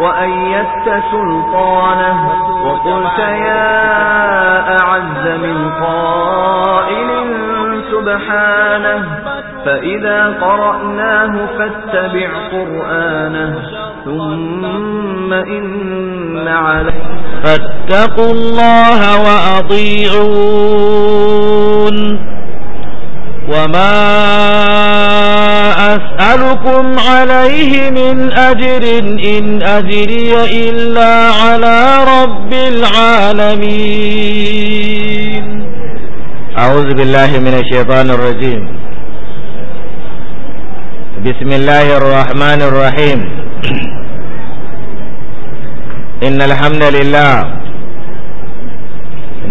وأيدت سلطانه وقلت يا أعز من قائل سبحانه فإذا قرأناه فاتبع قرآنه ثم إن عليه فاتقوا الله وأطيعون وما أسألكم عليه من أجر إن أجري إلا على رب العالمين أعوذ بالله من الشيطان الرجيم بسم الله الرحمن الرحيم إن الحمد لله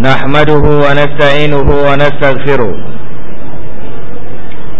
نحمده ونستعينه ونستغفره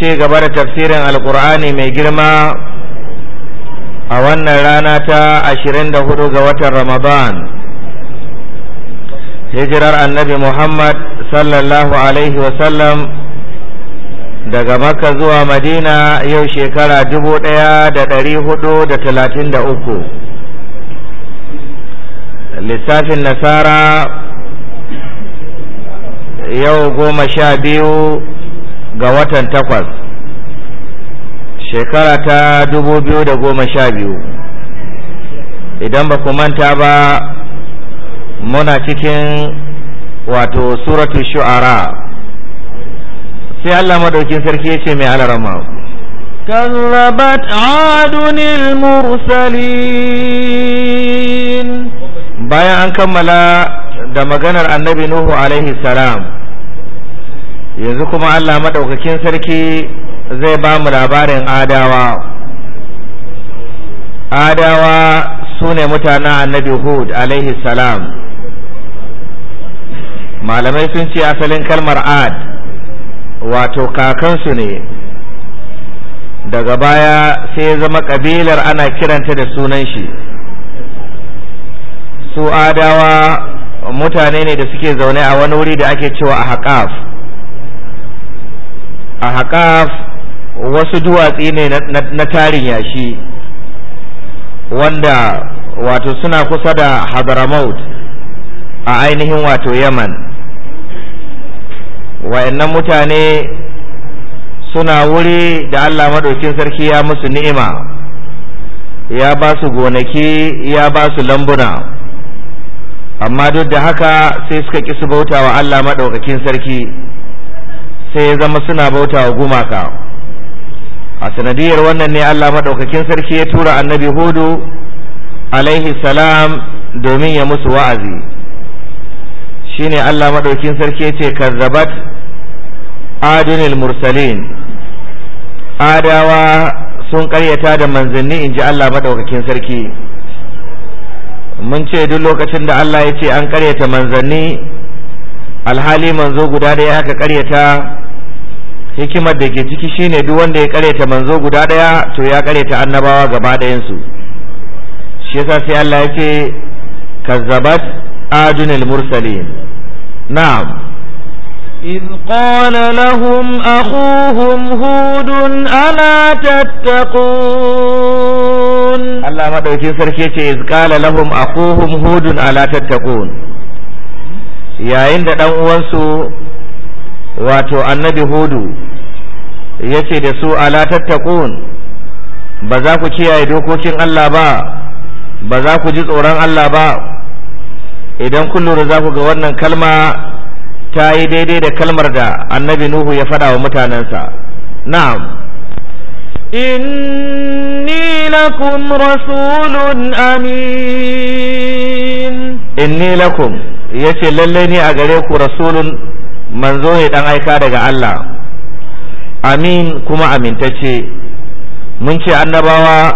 ce gaba da tafsirin alkur'ani mai girma a wannan rana ta 24 ga watan ramadan hijirar annabi muhammad sallallahu alaihi wasallam daga makka zuwa madina yau shekara 1433 lissafin nasara yau goma sha biyu ga watan takwas shekara ta dubu biyu da goma sha biyu idan ba ku manta ba muna cikin wato suratu shu'ara sai Allah madaukin sarki ya ce mai alarama كذبت عاد المرسلين bayan an kammala da maganar annabi Nuhu alaihi yanzu kuma Allah maɗaukakin sarki zai ba mu labarin adawa adawa su ne mutanen annabi hud alaihi salam malamai sun ce asalin kalmar ad wato kakansu ne daga baya sai ya zama ƙabilar ana kiranta da sunan shi su adawa mutane ne da suke zaune a wani wuri da ake cewa a haƙaf a haƙaf wasu duwatsi ne na tarin yashi wanda wato suna kusa da hadramaut a ainihin wato yaman wa'annan mutane suna wuri da allah maɗaukin sarki ya musu ni'ima ya ba su gonaki ya ba su lambuna amma duk da haka sai suka ƙi su bauta wa allah maɗaukakin sarki sai ya zama suna bauta wa gumaka a sanadiyar wannan ne Allah maɗaukakin sarki ya tura annabi hudu alaihi salam domin ya musu wa'azi shine Allah maɗaukin sarki ya ce kazzabat adunil mursalin adawa sun ƙaryata da manzanni in ji Allah maɗaukakin sarki mun ce duk lokacin da Allah ya ce an ƙaryata manzanni alhali manzo guda da ya aka ƙaryata hikimar da ke ciki shine duk wanda ya kareta manzo guda daya to ya kareta annabawa gaba dayan su shi yasa sai Allah yake kazzabat adunil mursalin na'am إذ قال لهم أخوهم هود ألا تتقون الله ما دوكين سركي إذ قال لهم أخوهم هود ألا تتقون يا hmm? عند wato annabi hudu ya ce da su ala tattakun ba za ku kiyaye dokokin Allah ba ba za ku ji tsoron Allah ba idan kun lura za ku ga wannan kalma ta yi daidai da kalmar da annabi nuhu ya faɗa wa mutanensa na'am inni lakum rasulun amin inni lakum yace lallai ni a gare ku rasulun manzo ne dan aika daga Allah amin kuma amintacce mun ce annabawa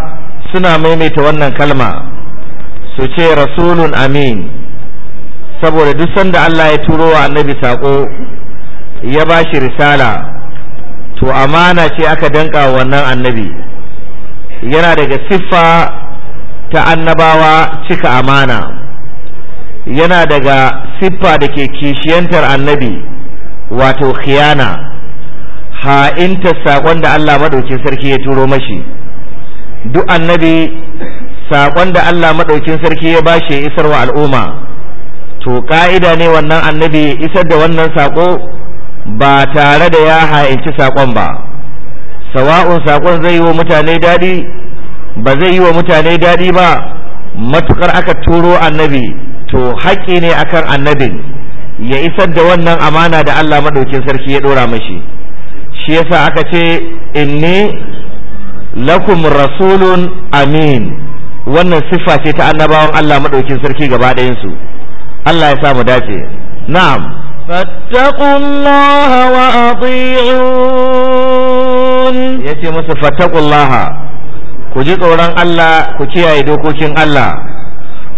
suna maimaita wannan kalma su ce rasulun amin saboda duk sanda Allah ya turo wa annabi sako ya ba shi risala to amana ce aka danka wannan annabi yana daga siffa ta annabawa cika amana yana daga siffa da ke kishiyantar annabi wato khiyana ha'inta saƙon da Allah maɗaukin sarki ya turo mashi duk annabi saƙon da Allah maɗaukin sarki ya bashi ya isar al'umma to ƙa'ida ne wannan annabi isar da wannan saƙo ba tare da ya ha'inci saƙon ba sawa'un saƙon zai yi wa mutane daɗi ba zai yi wa mutane daɗi ba matukar aka turo annabi to haƙƙi ne akan annabin ya isar da wannan amana da Allah maɗaukin sarki ya ɗora mashi shi yasa aka ce inni lakum rasulun amin wannan siffa ce ta annabawan Allah maɗaukin sarki gaba ɗayansu Allah ya sa mu dace na'am فاتقوا الله musu يتي ku ji tsoron Allah ku kiyaye dokokin Allah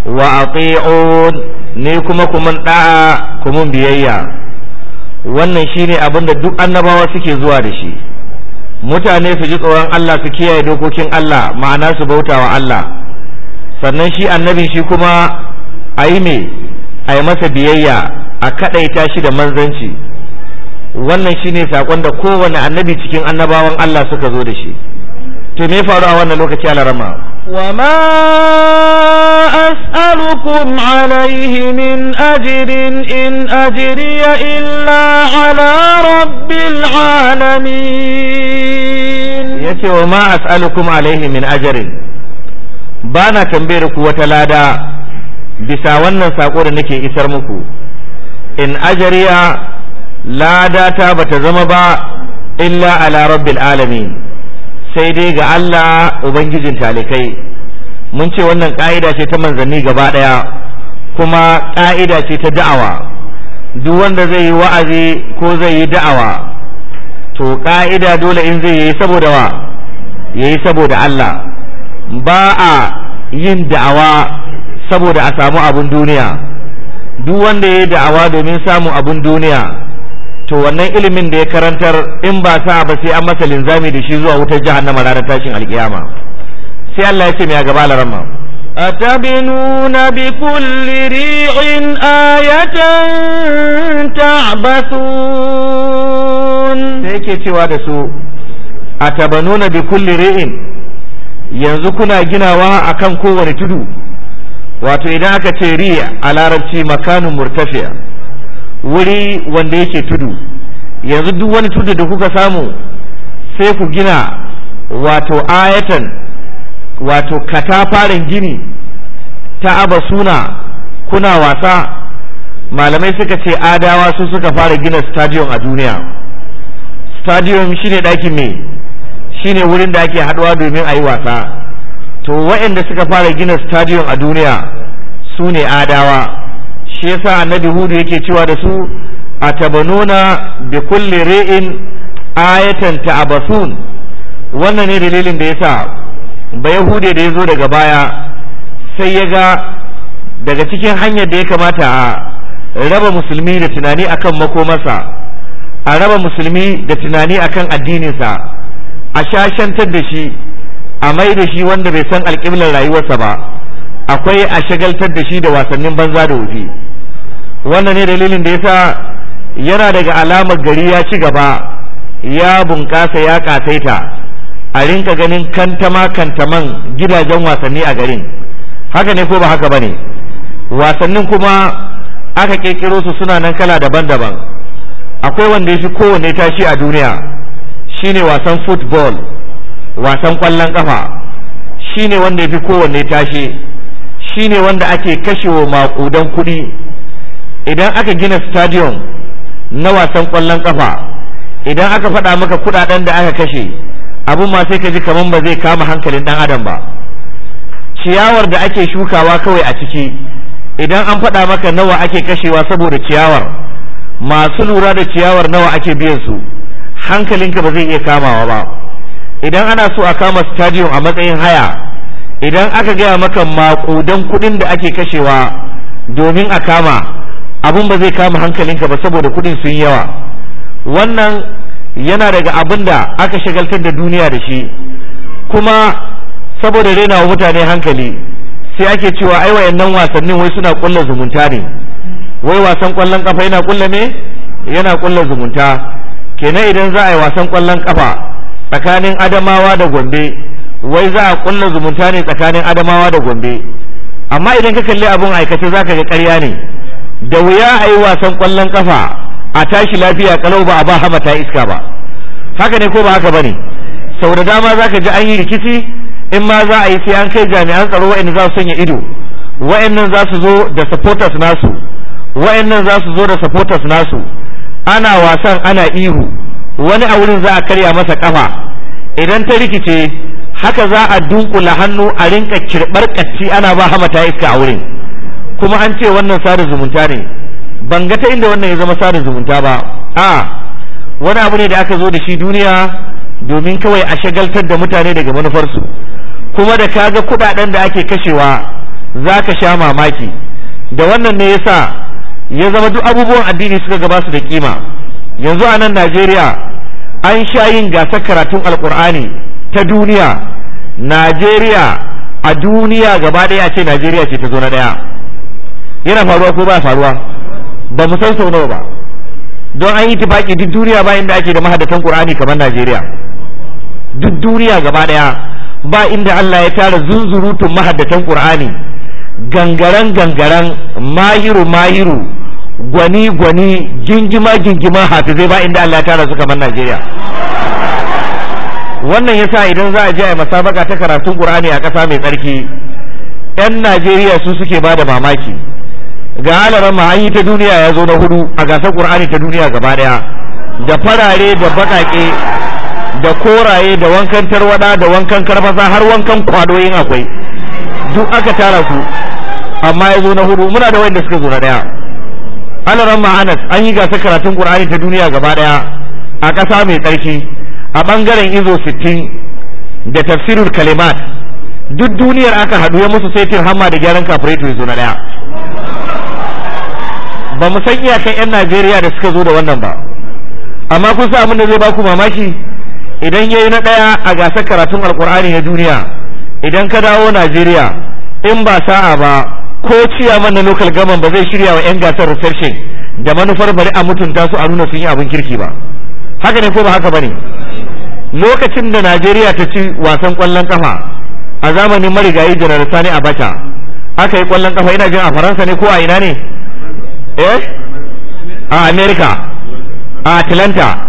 wa وأطيعون ni kuma ku mun da'a ku biyayya wannan shine abin da duk annabawa suke zuwa da shi mutane su ji tsoron Allah su kiyaye dokokin Allah ma'ana su bautawa Allah sannan shi annabi shi kuma a yi me a yi masa biyayya a kadaita shi da manzanci wannan shine sakon da kowane annabi cikin annabawan Allah suka zo da shi to me faru a wannan lokaci alarama وما أسألكم عليه من أجر إن أجري إلا على رب العالمين يتي وما أسألكم عليه من أجر بانا تنبيرك وتلادا بساوانا ساقور نكي إسرمكو إن أجري لا داتا بتزمبا إلا على رب العالمين sai dai ga Allah ubangijin talikai mun ce wannan ƙa'ida ce ta manzanni gaba ɗaya kuma ƙa'ida ce ta da'awa duk wanda zai yi wa'azi ko zai yi da'awa to ƙa'ida dole in zai yi saboda wa ya yi saboda Allah ba a yin da'awa saboda a samu abun duniya duk wanda ya yi da'awa domin samun abun duniya to wannan ilimin da ya karantar in ba sa ba sai an masa linzami da shi zuwa wutar jahannama ranar tashin alkiyama sai Allah ya ce mai gaba larama atabinuna bi kulli ri'in ayatan ta'basun sai yake cewa da su atabanuna bi kulli ri'in yanzu kuna ginawa akan kowane tudu wato idan aka ce riya a larabci makanun murtafiya wuri wanda yake tudu yanzu duk wani tudu da kuka samu sai ku gina wato ayatan wato katafaren gini ta aba suna kuna wasa malamai suka ce adawa su suka fara gina stadium a duniya stadium shine ɗakin me shine wurin da ake haduwa domin a yi wasa to waɗanda suka fara gina stadium a duniya su ne adawa shi yasa annabi hudu yake cewa da su a tabanuna bi kulli ri'in ayatan ta'abasun wannan ne dalilin da yasa ba yahude da ya zo daga baya sai ya ga daga cikin hanyar da ya kamata a raba musulmi da tunani akan makomarsa a raba musulmi da tunani akan addininsa a shashantar da shi a mai da shi wanda bai san alƙiblar rayuwarsa ba akwai a shagaltar da shi da wasannin banza da wofi wannan ne dalilin da yasa yana daga alamar gari ya ci gaba ya bunƙasa ya ƙasaita a rinka ganin kantama kantaman gidajen wasanni a garin haka ne ko ba haka ba ne wasannin kuma aka ƙirƙiro su suna nan kala daban-daban akwai wanda ya fi kowanne tashi a duniya shine wasan football wasan ƙwallon ƙafa shi ne wanda ya fi kowanne tashi shine wanda ake kashewa maƙudan kuɗi idan aka gina stadium na wasan ƙwallon ƙafa idan aka faɗa maka kuɗaɗen da aka kashe abun ma sai ka ji kamar ba zai kama hankalin ɗan adam ba ciyawar da ake shukawa kawai a ciki idan an faɗa maka nawa ake kashewa saboda ciyawar masu lura da ciyawar nawa ake biyan su hankalinka ba zai iya kamawa ba idan ana so a kama stadium a matsayin haya idan aka gaya maka maƙudan kuɗin da ake kashewa domin a kama abin ba zai kama hankalinka ba saboda kuɗin sun yawa wannan yana daga abin da aka shagaltar da duniya da shi kuma saboda rena wa mutane hankali sai ake cewa ai wayannan wasannin wai suna kulla zumunta ne wai wasan kwallon kafa yana kulla me yana kulla zumunta kenan idan za a yi wasan kwallon kafa tsakanin adamawa da gombe wai za a kulla zumunta ne tsakanin adamawa da gombe amma idan ka kalli abun aikace za ka ga karya ne da wuya a yi wasan kwallon kafa a tashi lafiya kalau ba a ba hama ta iska ba haka ne ko ba haka ba ne sau da dama za ka ji an yi rikici in ma za a yi sai an kai jami'an tsaro wa'in za su sanya ido wa'annan za su zo da supporters nasu wa'annan za su zo da supporters nasu ana wasan ana ihu wani a wurin za a karya masa kafa idan ta rikice haka za a dunkula hannu a rinka kirɓar ƙacci ana ba ta iska a wurin kuma an ce wannan sada zumunta ne ban ga ta inda wannan ya zama sada zumunta ba a wani abu ne da aka zo da shi duniya domin kawai a shagaltar da mutane daga manufarsu kuma da kaga kuɗaɗen da ake kashewa za ka sha mamaki da wannan ne ya sa ya zama duk abubuwan addini suka gaba su da kima yanzu a nan najeriya an sha yin gasar karatun alkur'ani ta duniya Najeriya a duniya gaba ɗaya ce Najeriya ce ta zo na ɗaya yana faruwa ko ba faruwa ba mu san sau nawa ba don an yi tufaki duk duniya bayan da ake da mahadatan Qur'ani kamar Najeriya duk duniya gaba ɗaya ba inda Allah ya tara zunzurutun mahaddatan Qur'ani gangaren gangaren mahiru mahiru gwani gwani jinjima jinjima hafizai ba inda Allah ya tara su kamar Najeriya wannan yasa idan za a je a masabaka ta karatun Qur'ani a ƙasa mai tsarki yan Najeriya su suke bada mamaki ga alaran ma an yi ta duniya ya zo na hudu a gasar Qur'ani ta duniya gaba daya da farare da bakake da koraye da wankan tarwada da wankan karfasa har wankan kwadoyin akwai duk aka tara su amma ya zo na hudu muna da wanda suka zo na daya alaran ma Anas an yi gasar karatun Qur'ani ta duniya gaba daya a ƙasa mai tsarki a ɓangaren izo sittin da tafsirul kalimat duk duniyar aka haɗu ya musu saitin hamma da gyaran kafuretu yanzu na ɗaya ba mu san iyakan 'yan najeriya da suka zo da wannan ba amma kun sa abin da zai baku mamaki idan ya yi na ɗaya a gasar karatun alkur'ani na duniya idan ka dawo najeriya in ba sa'a ba ko ciyaman na local gaman ba zai shirya wa 'yan gasar reception da manufar bari a mutunta su a nuna sun yi abin kirki ba haka ne ko ba haka bane lokacin da Najeriya ta ci wasan kwallon kafa a zamanin marigayi janar Sani Abacha aka yi kwallon kafa ina jin a Faransa ne ko a ina ne eh a America a Atlanta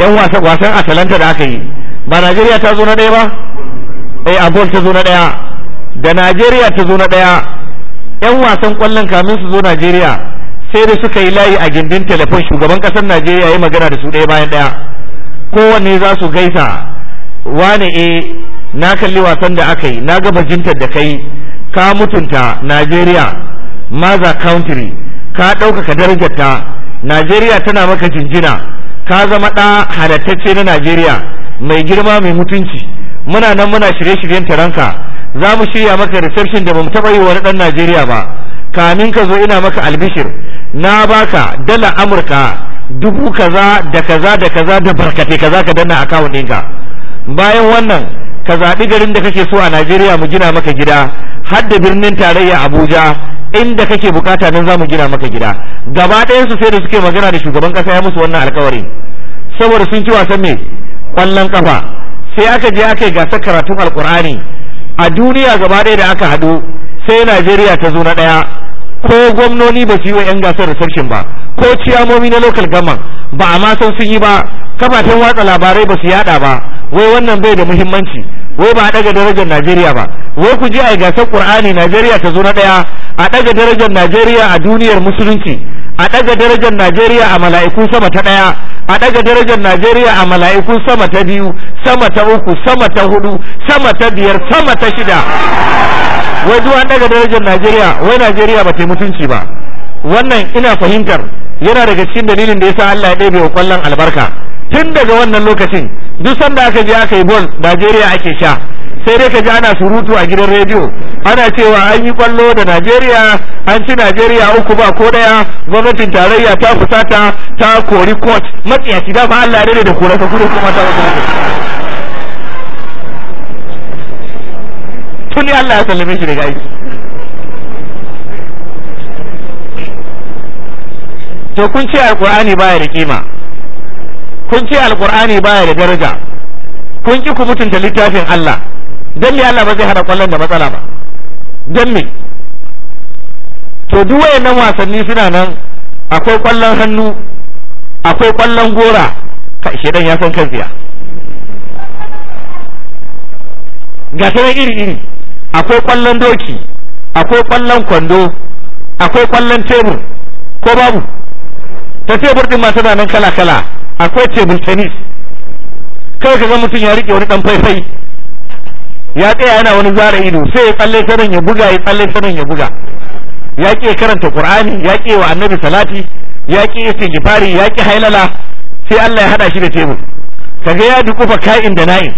yan wasan Atlanta da aka yi ba Najeriya ta zo na ɗaya ba eh a ta zo na ɗaya da Najeriya ta zo na ɗaya yan wasan kwallon kamin su zo Najeriya sai da suka yi layi a gindin telefon shugaban kasar Najeriya ya magana da su ɗaya bayan ɗaya kowanne za su gaisa wane e na kalli wasan da aka yi na ga bajintar da kai ka mutunta Najeriya maza country ka ɗaukaka ta Najeriya tana maka jinjina ka zama ɗa halattacce na Najeriya mai girma mai mutunci muna nan muna shirye-shiryen taronka za mu shirya maka reception da ba mu taɓa yi wani ɗan Najeriya ba kamin ka zo ina maka albishir na baka dala amurka dubu kaza da kaza da kaza da barkatai kaza ka danna account ɗinka bayan wannan ka zaɓi garin da kake so a Najeriya mu gina maka gida har da birnin tarayya Abuja inda kake bukata nan za mu gina maka gida gaba ɗayan su sai da suke magana da shugaban kasa ya musu wannan alkawari saboda sun ci wasan me kwallon kafa sai aka je aka yi gasar karatun alkur'ani a duniya gaba ɗaya da aka haɗu sai Najeriya ta zo na ɗaya ko gwamnoni ba su yi wa 'yan gasar sarkin ba ko ciyamomi na lokal gaman ba a ma san sun yi ba kafafen watsa labarai ba su yada ba wai wannan bai da muhimmanci wai ba a daga darajar Najeriya ba wai ku je a gasar Qur'ani Najeriya ta zo na ɗaya a daga darajar Najeriya a duniyar musulunci a daga darajar Najeriya a mala'iku sama ta ɗaya a ɗaga darajar Najeriya a mala'iku sama ta biyu sama ta uku sama ta hudu sama ta biyar sama ta shida wai duk an daga darajar Najeriya wai Najeriya ba ta mutunci ba wannan ina fahimtar yana daga cikin dalilin da yasa Allah ya ɗebe wa kwallon albarka tun daga wannan lokacin duk sanda aka je aka yi bol Najeriya ake sha sai dai ka ji ana surutu a gidan rediyo ana cewa an yi kwallo da Najeriya an ci Najeriya uku ba ko daya gwamnatin tarayya ta fusata ta kori court matsiyaci da fa Allah ne da koraka kudu kuma ta wasu tuni Allah ya sallame shi daga aiki to kun ce alkur'ani baya da kima kun ce alkur'ani baya da daraja kun ki ku mutunta littafin Allah don me Allah ba zai hada kwallon da matsala ba don me to duk wayannan wasanni suna nan akwai kwallon hannu akwai kwallon gora kai shedan ya san kansa ga ta iri iri akwai kwallon doki akwai kwallon kwando akwai kwallon tebur ko babu ta tebur din masu nan kala kala akwai tebur tennis kai ka ga mutum ya rike wani dan faifai ya tsaya yana wani zara ido sai ya tsalle sanin ya buga ya tsalle sanin ya buga ya ke karanta qur'ani ya ke wa annabi salati ya ke istighfari ya ke hailala sai Allah ya hada shi da tebur kaga ya dukufa ka'in da na'i.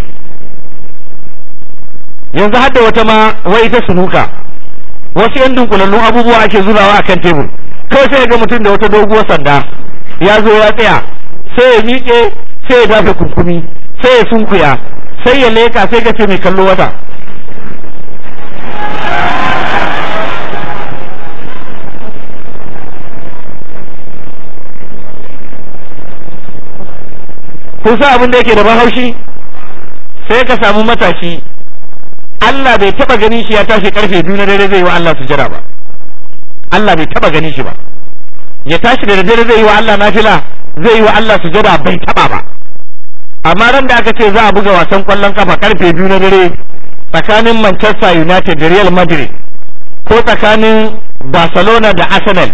yanzu hadda wata ma wai ta sunuka wasu yan dunkulallun abubuwa ake zubawa akan tebur kai sai ga mutum da wata doguwar sanda ya zo ya tsaya sai ya miƙe sai ya dafa kurkumi sai ya sunkuya sai ya leka sai ka ce mai kallo wata kun sa abin da yake da bahaushi sai ka samu matashi Allah bai taba ganin shi ya tashi karfe biyu na dare zai yi wa Allah su jira ba Allah bai taba ganin shi ba ya tashi da dare zai yi wa Allah nafila zai yi wa Allah su jira bai taba ba amma ran da aka ce za a buga wasan kwallon kafa karfe biyu na dare tsakanin Manchester United da Real Madrid ko tsakanin Barcelona da Arsenal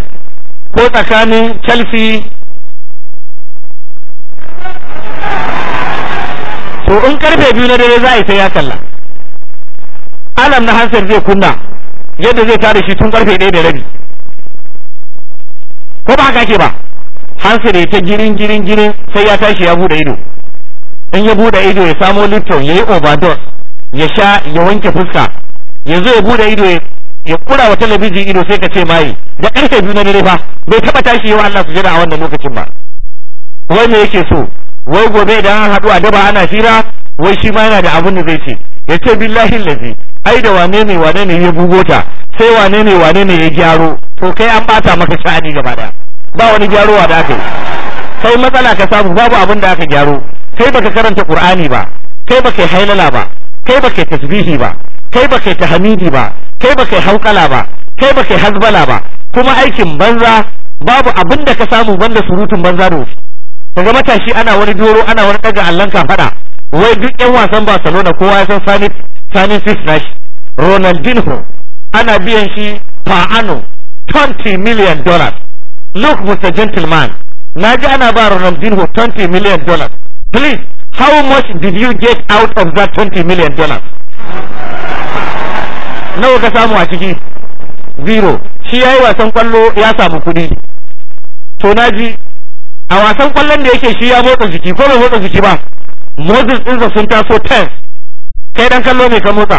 ko tsakanin Chelsea to in karfe biyu na dare za a yi ta ya kalla alam na hansar zai kunna yadda zai tare shi tun karfe ɗaya da rabi ko ba haka ke ba hansar ya ta girin girin girin sai ya tashi ya bude ido in ya bude ido ya samo lipton ya yi overdose ya sha ya wanke fuska yanzu ya bude ido ya kura wa talabijin ido sai ka ce mai da karfe biyu na dare fa bai taba tashi yawa Allah su jira a wannan lokacin ba wai me yake so wai gobe idan an haɗu a daba ana fira wai shi ma yana da abin da zai ce ya ce billahi lazi ai da wane ne wane ne ya bugota sai wane ne wane ne ya gyaro to kai an bata maka sha'ani gaba daya ba wani gyarowa da aka yi sai matsala ka samu babu abin da aka gyaro kai baka karanta qur'ani ba kai baka hailala ba kai baka tasbihi ba kai baka tahmidi ba kai baka hawqala ba kai baka hazbala ba kuma aikin banza babu abin da ka samu banda surutun banza da kaga matashi ana wani doro ana wani daga allan fada wai duk yan wasan Barcelona kowa ya san Sani Sani Fish Ronaldinho ana biyan shi per ano 20 million dollars look Mr gentleman naji ana ba Ronaldinho 20 million dollars Please, how much did you get out of that 20 million dollars? Nawa ka samu a ciki? Zero. Shi ya yi wasan kwallo ya samu kuɗi. To na ji, a wasan kwallon da yake shi ya motsa jiki ko bai motsa jiki ba. Moses ɗinsa sun taso tens. Kai dan kallo mai ka motsa.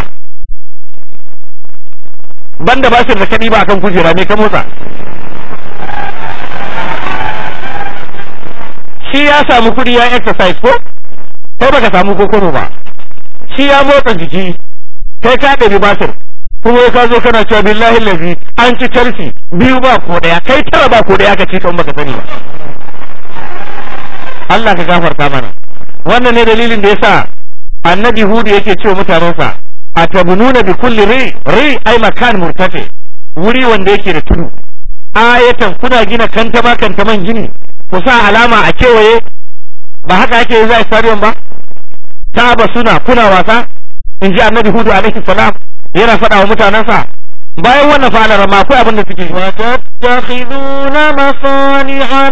Banda basir da kaɗi ba akan kujera mai ka motsa. shi ya samu kuɗi ya exercise ko kai baka samu kokono ba shi ya motsa jiki kai ka ɗabi batir kuma ka zo kana cewa billahi lazi an ci Chelsea biyu ba ko daya kai tara ba ko daya ka ci kan baka sani ba Allah ka gafarta mana wannan ne dalilin da yasa annabi hudu yake cewa mutanensa atabununa bi kulli ri ri ai makan murtafi wuri wanda yake da tudu ayatan kuna gina kanta ba kanta man gini ku sa alama a kewaye ba haka ake za a stadium ba ta ba suna kuna wasa in ji annabi hudu alaihi salam yana faɗa wa mutanensa bayan wannan fa'alar ma akwai abin da suke wa tattakhiduna masani'a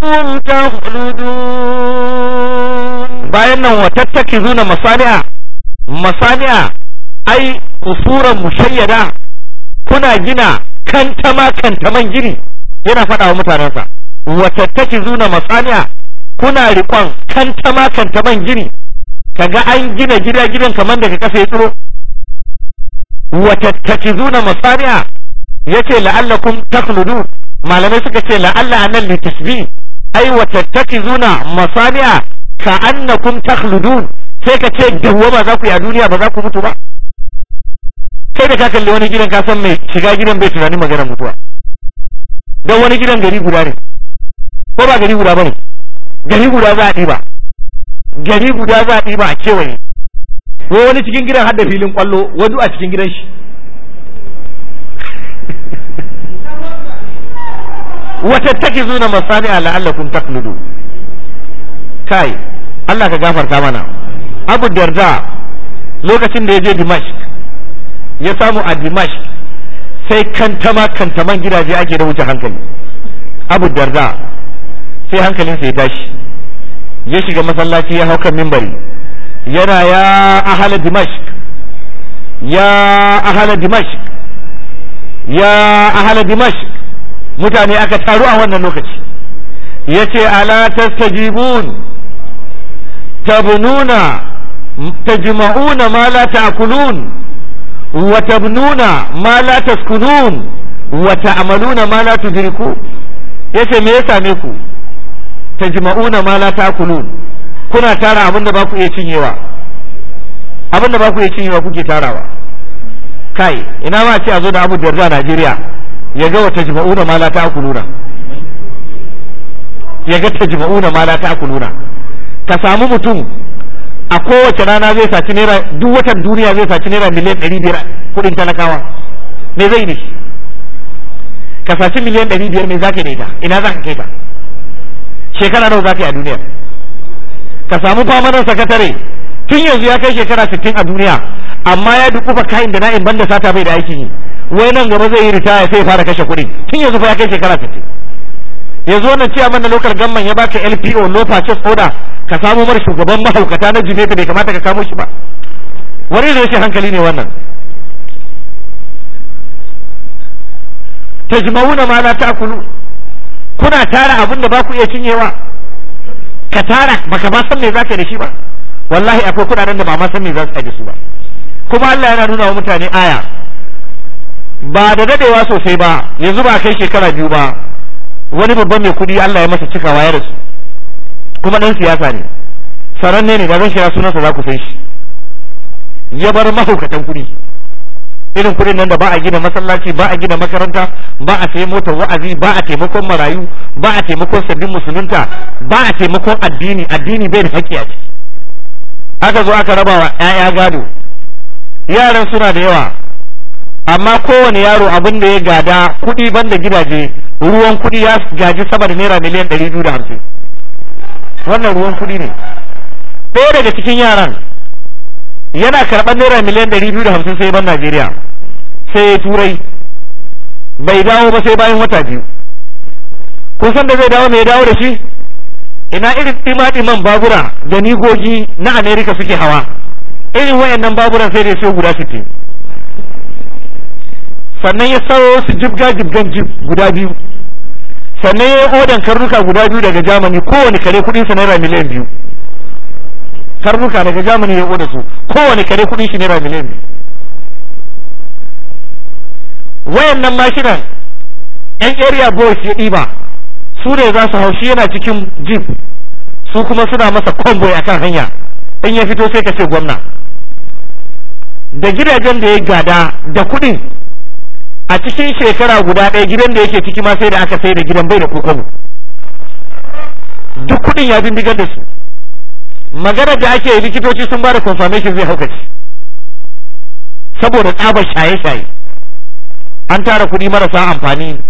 ta takhludun bayan nan wa tattakhiduna masani'a masani'a ai kusura mushayyada kuna gina kantama kantaman gini yana faɗa wa mutanensa zuna masaniya kuna rikon kantama kantaman gini kaga an gina gida gidan kamar daga kasa ya tsiro watattazuna ya ce la'allakun takhludu malamai suka ce la'alla anan li tasbih ai zuna watattazuna masaniya ka'annakum takhludun sai ka ce ba za ku yi a duniya ba za ku mutu ba sai da ka kalli wani gidan ka san mai shiga gidan bai tunanin maganar mutuwa don wani gidan gari guda ne ko ba gari guda ba ne gari guda za a ɗiba gari guda za a ɗiba a kewaye ko wani cikin gidan hadda filin kwallo wadu a cikin gidan shi wata take zuna masani ala allakum takludu kai Allah ka gafarta mana Abu Darda lokacin da ya je Dimashq ya samu a Dimashq sai kantama kantaman gidaje ake da wuce hankali Abu Darda sai hankalinsa ya tashi ya shiga masallaci ya hau kan mimbari yana ya ahala dimashik ya ahala dimashik ya ahala dimashik mutane aka taru a wannan lokaci Ya ce ala tastajibun tabnuna tajma'una ma la ta'kulun wa tabnuna ma la taskunun wa ta'maluna ma la tudriku yace me ya same ku tajma'una ma la ta'kulun kuna tara abinda ba ku iya cinyewa abinda ba ku iya cinyewa kuke tarawa kai ina ba ce a zo da Abu Darda Najeriya ya ga wata tajma'una ma la ta'kuluna ya ga tajma'una ma la ta'kuluna ka samu mutum a kowace rana zai saci naira duk watan duniya zai saci naira miliyan 500 kudin talakawa me zai ne ka saci miliyan 500 me zaka yi da ina zaka kai ta shekara nawa za ka yi a duniya ka samu famanar sakatare tun yanzu ya kai shekara sittin a duniya amma ya dukufa kayan da na'in banda sata bai da aikin yi wai nan gaba zai yi ritaya sai ya fara kashe kuɗi tun yanzu fa ya kai shekara sittin yanzu wannan ciya mana lokal gamman ya baka LPO no purchase order ka samu mara shugaban mahaukata na Jamaica bai kamata ka kamo shi ba wani da yake hankali ne wannan tajmauna ma la ta'kulu kuna tara abin da ba ku iya cinyewa ka tara baka ma san me za ka da shi ba wallahi akwai kudaden da ba ma san me za su ajiye su ba kuma Allah yana nuna wa mutane aya ba da dadewa sosai ba yanzu ba kai shekara biyu ba wani babban mai kudi Allah ya masa cika cikawa ya su kuma dan siyasa ne sananne ne da zan shiga sunansa za ku san shi ya bar mahaukatan kudi irin kuɗin nan da ba a gina masallaci ba a gina makaranta ba a sayi motar wa'azi ba a taimakon marayu ba a taimakon sabbin musulunta ba a taimakon addini addini bai da haƙƙi a ciki aka zo aka raba wa 'ya'ya gado yaran suna da yawa amma kowane yaro abin da ya gada kuɗi banda gidaje ruwan kuɗi ya gaji sama da naira miliyan ɗari biyu da hamsin wannan ruwan kuɗi ne ɗaya daga cikin yaran yana karɓar naira miliyan ɗari biyu da hamsin sai ban Najeriya sai turai bai dawo ba sai bayan wata biyu kun san da zai dawo mai dawo da shi ina irin ɗima-ɗiman babura da nigogi na Amerika suke hawa irin wayannan baburan sai dai sai guda sittin sannan ya sayo su jibga jibgan jib guda biyu sannan ya yi odan karnuka guda biyu daga Jamani kowane kare kuɗinsa naira miliyan biyu karnuka daga jamani ya da su kowane kare kudin shi naira miliyan wayan wayannan mashinan yan area boys ya ɗiba su ne za su haushi yana cikin jeep su kuma suna masa a akan hanya in ya fito sai ka ce gwamna da gidajen da ya gada da kuɗi a cikin shekara guda ɗaya gidan da yake ciki ma sai da aka sai da gidan bai da duk kuɗin ya bindigar da su magana da ake likitoci sun ba da confirmation zai haukaci saboda tsabar shaye-shaye an tara kuɗi marasa amfani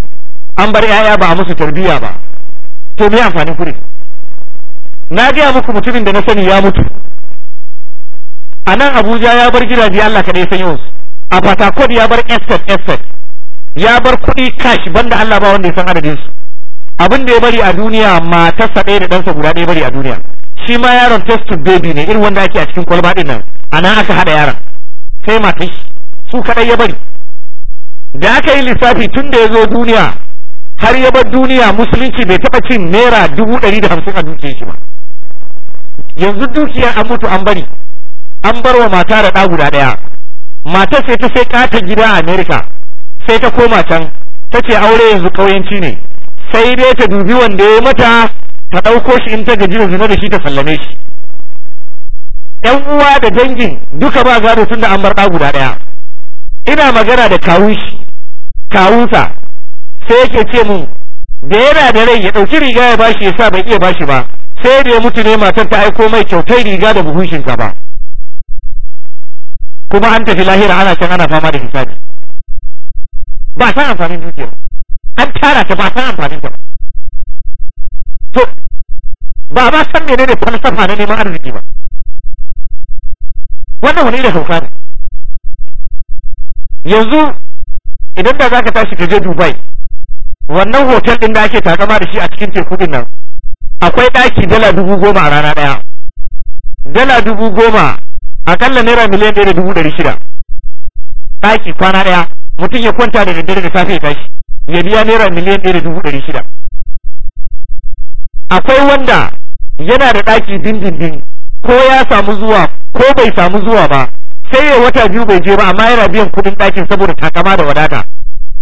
an bar 'ya'ya ba a musu tarbiyya ba to me amfanin kuɗi na gaya muku mutumin da na sani ya mutu a nan abuja ya bar gidaje allah kaɗai san yawansu a fatakod ya bar estet estet ya bar kuɗi cash banda allah ba wanda ya san su abin da ya bari a duniya matarsa ɗaya da ɗansa guda ɗaya bari a duniya shi ma yaron test tube baby ne irin wanda ake a cikin kwalba din nan anan aka hada yaron sai matan su kadai ya bari da aka yi lissafi tun da ya zo duniya har ya bar duniya musulunci bai taba cin naira dubu ɗari da hamsin a dukiyar shi ba yanzu dukiya an mutu an bari an bar wa mata da ɗa guda ɗaya mata sai ta sai ƙata gida a amerika sai ta koma can ta ce aure yanzu ƙauyenci ne sai dai ta dubi wanda ya mata ta ɗauko shi in ta gaji da zina da shi ta sallame shi Ɗan uwa da dangin duka ba gado tun da an bar ɗa guda ɗaya ina magana da kawun shi kawunsa sai yake ce mun da yana da rai ya ɗauki riga ya bashi ya sa bai iya bashi ba sai da ya mutu ne matar ta aiko mai kyautai riga da buhun ba. kuma an tafi lahira ana can ana fama da hisabi ba san amfanin dukiyar an tara ta ba san amfanin ta ba to ba ba san menene falsafa na neman arziki ba wannan wani da hauka ne yanzu idan da zaka tashi ka je Dubai wannan hotel din da ake takama da shi a cikin teku din nan akwai daki dala dubu goma a rana daya dala dubu goma akalla naira miliyan ɗaya da dubu ɗari shida daki kwana daya mutum ya kwanta da daddare da safe ya tashi ya biya naira miliyan ɗaya da dubu ɗari shida akwai wanda yana da ɗaki dindindin ko ya samu zuwa ko bai samu zuwa ba sai ya wata biyu bai je ba amma yana biyan kuɗin ɗakin saboda takama da wadata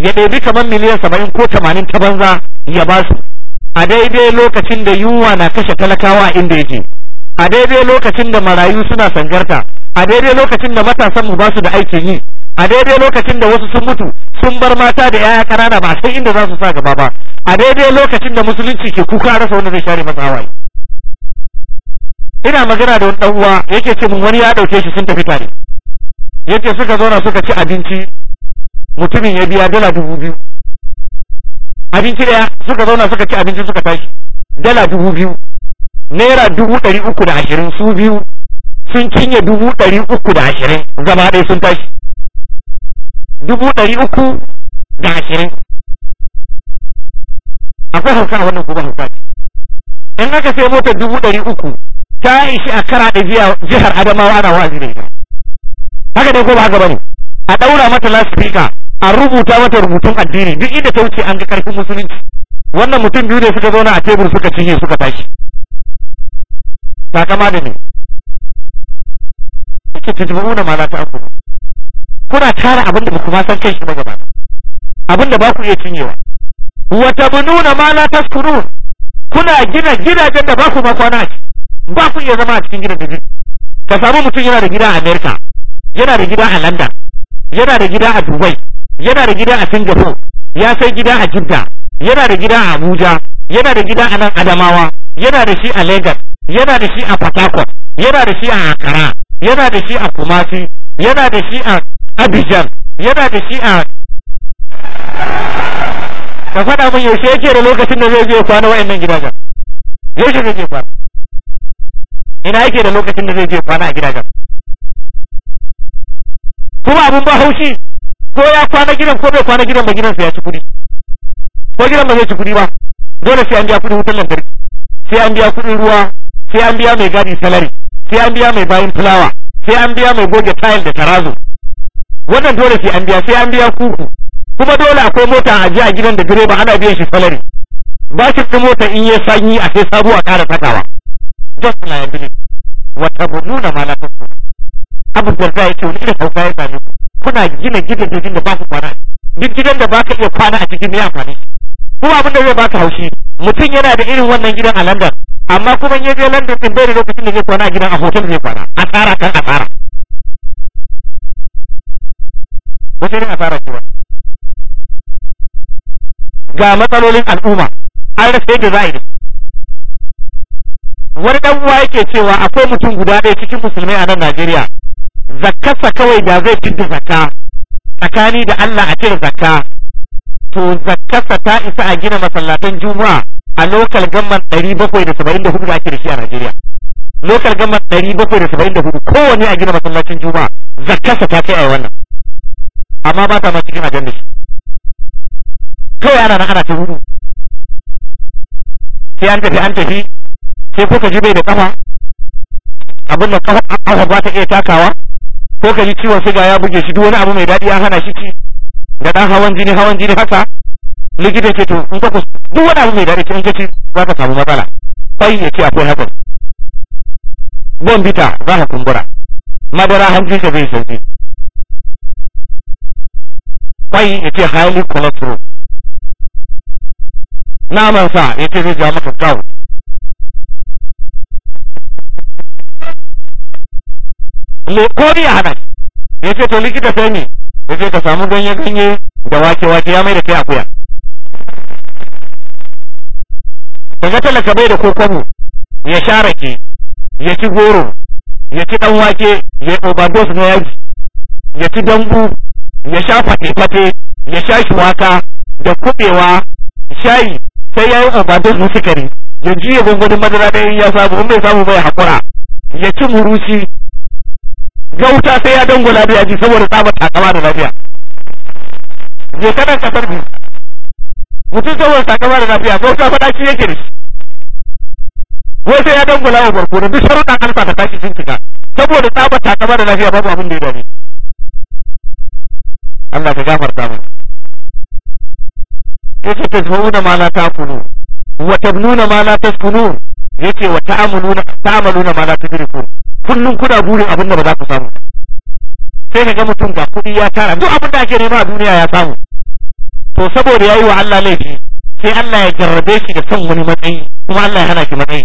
ya ɗebi kamar miliyan saba'in ko tamanin ta banza ya ba su a daidai lokacin da yunwa na kashe talakawa inda yake a daidai lokacin da marayu suna sangarta a daidai lokacin da matasan mu ba su da aikin yi a daidai lokacin da wasu sun mutu sun bar mata da yaya ƙanana ba sai inda za su sa gaba ba a daidai lokacin da musulunci ke kuka rasa wanda zai share masa hawaye ina magana da wani dan uwa yake ce mun wani ya dauke shi sun tafi tare yake suka zauna suka ci abinci mutumin ya biya dala dubu biyu abinci daya suka zauna suka ci abinci suka tashi dala dubu biyu naira dubu ɗari uku da ashirin su biyu sun cinye dubu ɗari uku da ashirin gaba ɗaya sun tashi dubu ɗari uku da ashirin akwai hauka wannan kuma hauka ce in aka sai motar dubu ɗari uku ta ishi a kara da jihar adamawa ana wa'azi da ita haka dai ko ba haka bane a ɗaura mata lasifika a rubuta mata rubutun addini duk inda ta wuce an ga ƙarfin musulunci wannan mutum biyu ne suka zauna a tebur suka cinye suka tashi kama da ne kuke tajma'una ma la ta'kulu kuna tara abinda ba ku ma san kai shi ba gaba abinda ba ku iya cinyewa Wata tabnuna ma la taskunun kuna gina gidajen da ba ku makwana ba ku iya zama a cikin gidan da ka samu mutum yana da gida a America yana da gida a London yana da gida a Dubai yana da gida a Singapore ya sai gida a Jidda yana da gida a Abuja yana da gida a nan Adamawa yana da shi a Lagos yana da shi a Port yana da shi a akara yana da shi a Kumasi yana da shi a Abidjan yana da shi a ka faɗa min yaushe yake da lokacin da zai je kwana wa'annan gidajen yaushe zai je kwana ina yake da lokacin da zai je kwana a gidajen kuma abin ba haushi ko ya kwana gidan ko bai kwana gidan ba gidan sai ya ci kuɗi ko gidan ba zai ci kuɗi ba dole sai an biya kuɗin wutar lantarki sai an biya kuɗin ruwa sai an biya mai gadi salari sai an biya mai bayan fulawa sai an biya mai goge tayil da tarazo wannan dole sai an biya sai an biya kuku kuma dole akwai mota a jiya gidan da direba ana biyan shi salari ba shi ɗin mota in ya sanyi a sai sabuwa ƙara takawa just liability wata nuna ma la tasu abu yi ce wani irin hauka ya sami kuna gina gidan da ba ku kwana duk gidan da ba ka iya kwana a cikin ya amfani kuma abin da zai ba ka haushi mutum yana da irin wannan gidan a London amma kuma ya je London din bai da lokacin da zai kwana a gidan a hotel zai kwana asara kan asara wasu irin asara ce ba ga matsalolin al'umma an rasa yadda za a yi wani dan uwa yake cewa akwai mutum guda ɗaya cikin musulmai a nan Najeriya zakkarsa kawai da zai da zakka tsakani da Allah a cire zakka to zakkarsa ta isa a gina masallatan juma'a a lokal ɗari bakwai da da da hudu ake da shi a Najeriya lokal da hudu kowanne a gina masallacin juma'a zakkarsa ta kai a wannan amma ba ta ma cikin ajandar shi kawai ana nan ana ta gudu sai an tafi an tafi sai ko ka ji bai da kafa abin da kafa kafa ba ta iya takawa ko ka ji ciwon siga ya buge shi duk wani abu mai daɗi an hana shi ci da ɗan hawan jini hawan jini haka likita ce to in ka kus duk wani abu mai daɗi ce in ka ci za ka samu matsala sai ya ce akwai hakan bita za ka kumbura madara hanji ka zai sauki kwai ya ce highly cholesterol naman sa ya ce zai ja masa ko ni a haɗa ya ce to likita sai ne ya ce ka samu ganye ganye da wake wake ya mai da kai akuya ga talaka bai da kokomo ya sha rake ya ci goro ya ci dan wake ya overdose na yaji ya ci dambu ya sha fate-fate ya sha shuwaka da kubewa shayi sai ya yi amfani da sukari ya juya gwangwanin madara da ya samu in bai samu bai haƙura ya ci ga gauta sai ya dangula da yaji saboda samun takama da lafiya ka kanan kasar biyu mutum saboda takama da lafiya gauta faɗa shi yake shi ko sai ya dangula wa barkono duk sharuɗan alfa da tashi sun cika saboda samun takama da lafiya babu abin da ya dame Allah ka gafarta mana yace tazmauna ma la kunu wa tabnuna ma la taskunun yace wa ta'amaluna ta'amaluna ma la tudrikun kullun kuna burin abin da ba za ku samu sai ne ga mutum ga kudi ya tara duk abin da ake nema a duniya ya samu to saboda yayi wa Allah laifi sai Allah ya jarrabe shi da son wani matsayi kuma Allah ya hana shi matsayi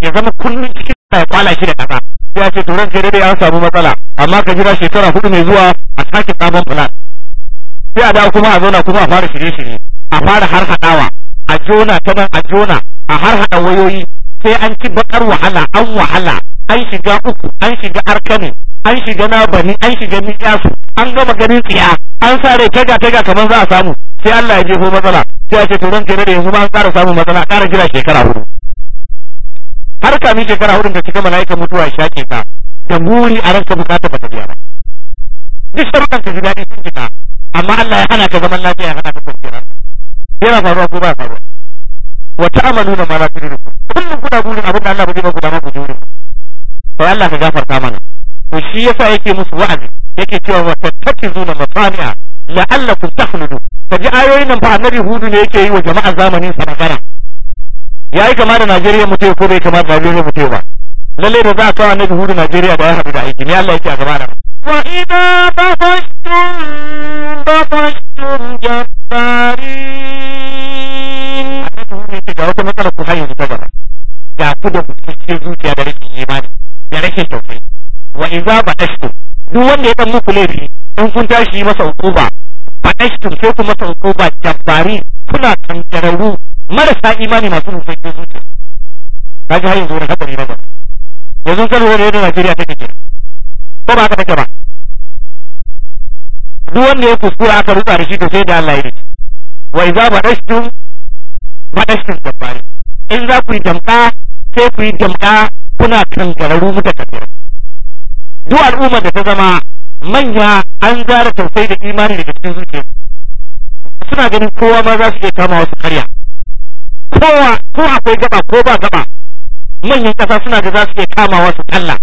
ya zama kullun cikin ya kwala shi da kasa ya ce to ranka dai an samu matsala amma ka jira shekara hudu mai zuwa a sake sabon plan sai a dawo kuma a zauna kuma a fara shirye-shirye a fara harhaɗawa a jona ta nan a jona a harhaɗa wayoyi sai an ci baƙar wahala an wahala an shiga uku an shiga arkanu an shiga nabani an shiga miyasu an gama ganin tsiya an rai tega tega kamar za a samu sai Allah ya jefo matsala sai a ce to ran da yanzu ma an ƙara samun matsala ƙara jira shekara hudu har kamin shekara hudu ka cika mala'ika mutuwa ya shaƙe ka da muri a ranka bukata ta biya ba duk sharuɗan ka ji daɗi sun cika amma Allah ya hana ka zaman lafiya ya hana ka kwanciyar yana faruwa ko ba faruwa wa ta'amaluna ma la tudriku kullum kuna burin abin da Allah bai ba ku dama ku jure to Allah ka gafarta mana to shi yasa yake musu wa'azi yake cewa wa tattakizuna masani'a la'allakum takhludu kaji ayoyin nan fa annabi hudu ne yake yi wa jama'a zamanin sa magana yi kama da Najeriya mutai ko bai kama da Najeriya mutai ba lalle da za a kawo annabi hudu Najeriya da ya haɗu da aiki ne Allah yake a gaba na وإذا بطشتم بطشتم جبارين ga wata matsala ko har yanzu ta gaba ga ku da cikin zuciya da rashin imani da rashin tausayi wa ba batashtu duk wanda ya dan muku laifi in kun tashi masa hukuma batashtu sai ku masa hukuma jabbari kuna kankararru marasa imani masu nufin zuciya ji har yanzu wani hatsari na ba yanzu kan wani yadda Najeriya take ke ko ba ka take ba duk wanda ya kuskura aka rutsa da shi to sai da Allah ya yi wa idza batashtum waɗannan dabari in za ku yi damka sai ku yi damka kuna kan gararu muka tafi duk al'ummar da ta zama manya an zara tausayi da imani da cikin zuciya suna ganin kowa ma za su iya kama wasu karya kowa ko akwai gaba ko ba gaba manyan ƙasa suna da za su iya kama wasu talla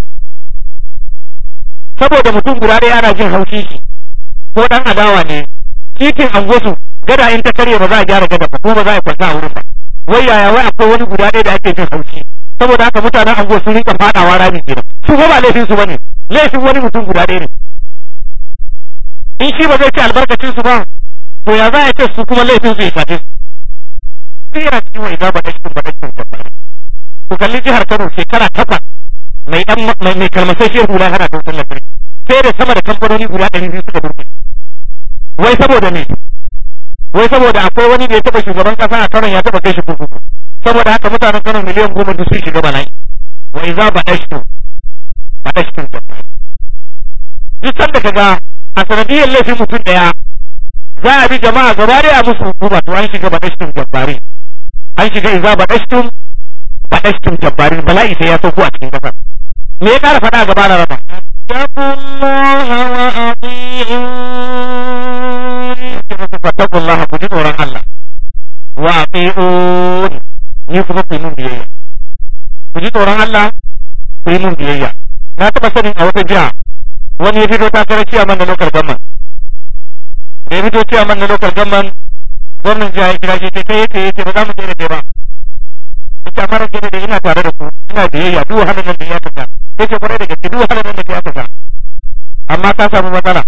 saboda mutum guda ɗaya ana jin haushi shi ko ɗan adawa ne titin angosu gada in ta karye ba za a gyara gada ba ko ba za a kwanta a wurin ba wai yaya wai akwai wani guda ɗaya da ake jin haushi saboda haka mutanen anguwa sun rika faɗawa rami kenan su ba laifin su bane laifin wani mutum guda ɗaya ne in shi ba zai ci albarkacin su ba to ya za a ce su kuma laifin su ya shafe su sai yana cikin wani zaba da cikin baɗa cikin jabba ku kalli jihar Kano shekara takwas mai ɗan mai kalmasai shehu hana ta wutar lantarki sai da sama da kamfanoni guda ɗari biyu suka burkuce wai saboda ne wai saboda akwai wani da ya taba shugaban kasa a karon ya taba kai shi kurkuku saboda haka mutanen karon miliyan goma duk sun shiga bala'i wai za ba ashtu ba ashtu ba duk sanda kaga a sanadiyar laifin mutum daya za a bi jama'a gaba dai a musu hukuma to an shiga ba ashtu jabbari an shiga za ba ashtu ba ashtu jabbari bala'i sai ya sauko a cikin kasar me ya kara faɗa gaba na raba fatakun ku ji tsoron Allah wa ati'un ni kuma ku yi min biyayya ku ji tsoron Allah ku yi min biyayya na taɓa sanin a wata jiha wani ya fito ta kare ciya man da lokal gamman da ya fito ciya man da lokal gamman gwamnan jiha ya kira shi ta yi ta yi ta ba za mu je da ke ba ta ce amma jere da ina tare da ku ina biyayya duk wahalar nan da ya fita ta ce kwarai da gaske duk wahalar nan da ya fita amma ta samu matsala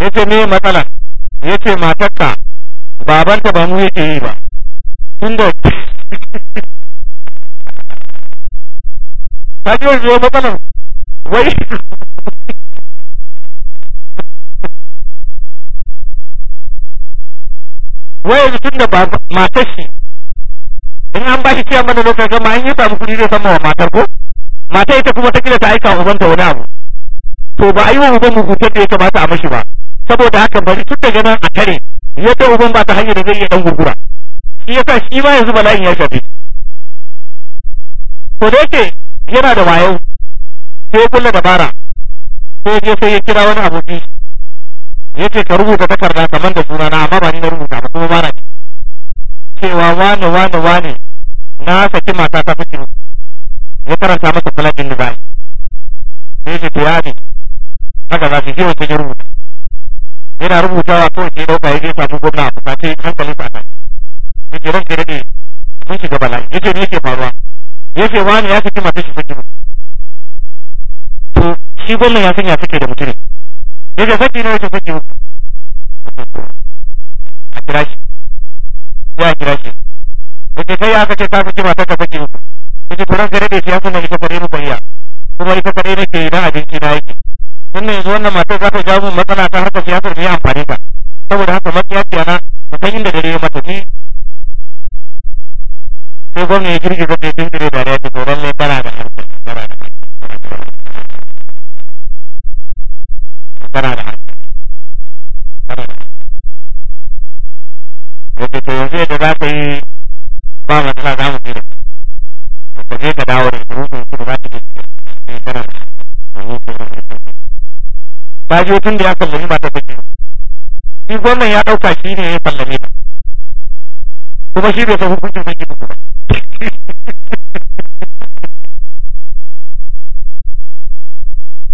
ya ce me matsalar ya ce matarka babanta ba mu yake yi ba tun da ta ji wani yau matsalar wai wai yanzu tun da ba matar shi in an ba shi ciyar mana lokacin gama an yi samu kuɗi zai sama wa matar ko mata ita kuma ta kila ta aika wa ubanta wani abu to ba a yi wa uban muguntar da ya kamata a mashi ba saboda haka bari tun daga nan a tare ta uban ba ta hanyar da zai iya dan gurgura shi yasa shi ma yanzu bala'in ya shafe to da yake yana da wayo sai kulla dabara sai je sai ya kira wani aboki ya ce ka rubuta takarda kamar da sunana amma ba ni na rubuta ba kuma ba na cewa wane wane wane na saki mata ta fitin ya karanta masa kulakin da bai sai ya ce to ya ce haka za su yi wata ya yana rubuta wa kawai ke dauka ya je samu gwamna a fusace hankalin sa ta yace ran kire ne sun shiga bala'i yace ne yake faruwa yace wani ya saki mata shi saki to shi gwamna ya sanya ya da mutum yace saki ne ce saki a kira shi ya kira shi yace kai ya ce ta saki mata ka saki yace to ran kire ne shi ya san ita kware mu kwariya kuma ita kware ne ke na abinci na yake tunda yanzu wannan matar za ta jawo min matsala ta harkar siyasar da amfani ta saboda haka makiyaciya ta san inda dare ya mata ni sai gwamna ya girgiza ta tun dare da ya ta tsoron mai tara da harkar tara da tara da tara da to yanzu yadda za ka yi ba matsala za mu jira ka je ka dawo da rubutun su da za ta je tara eh, da ta je tun da ya sallami ba ta take shi gwamnan ya ɗauka shi ne ya sallame ta kuma shi bai san hukuncin sake ba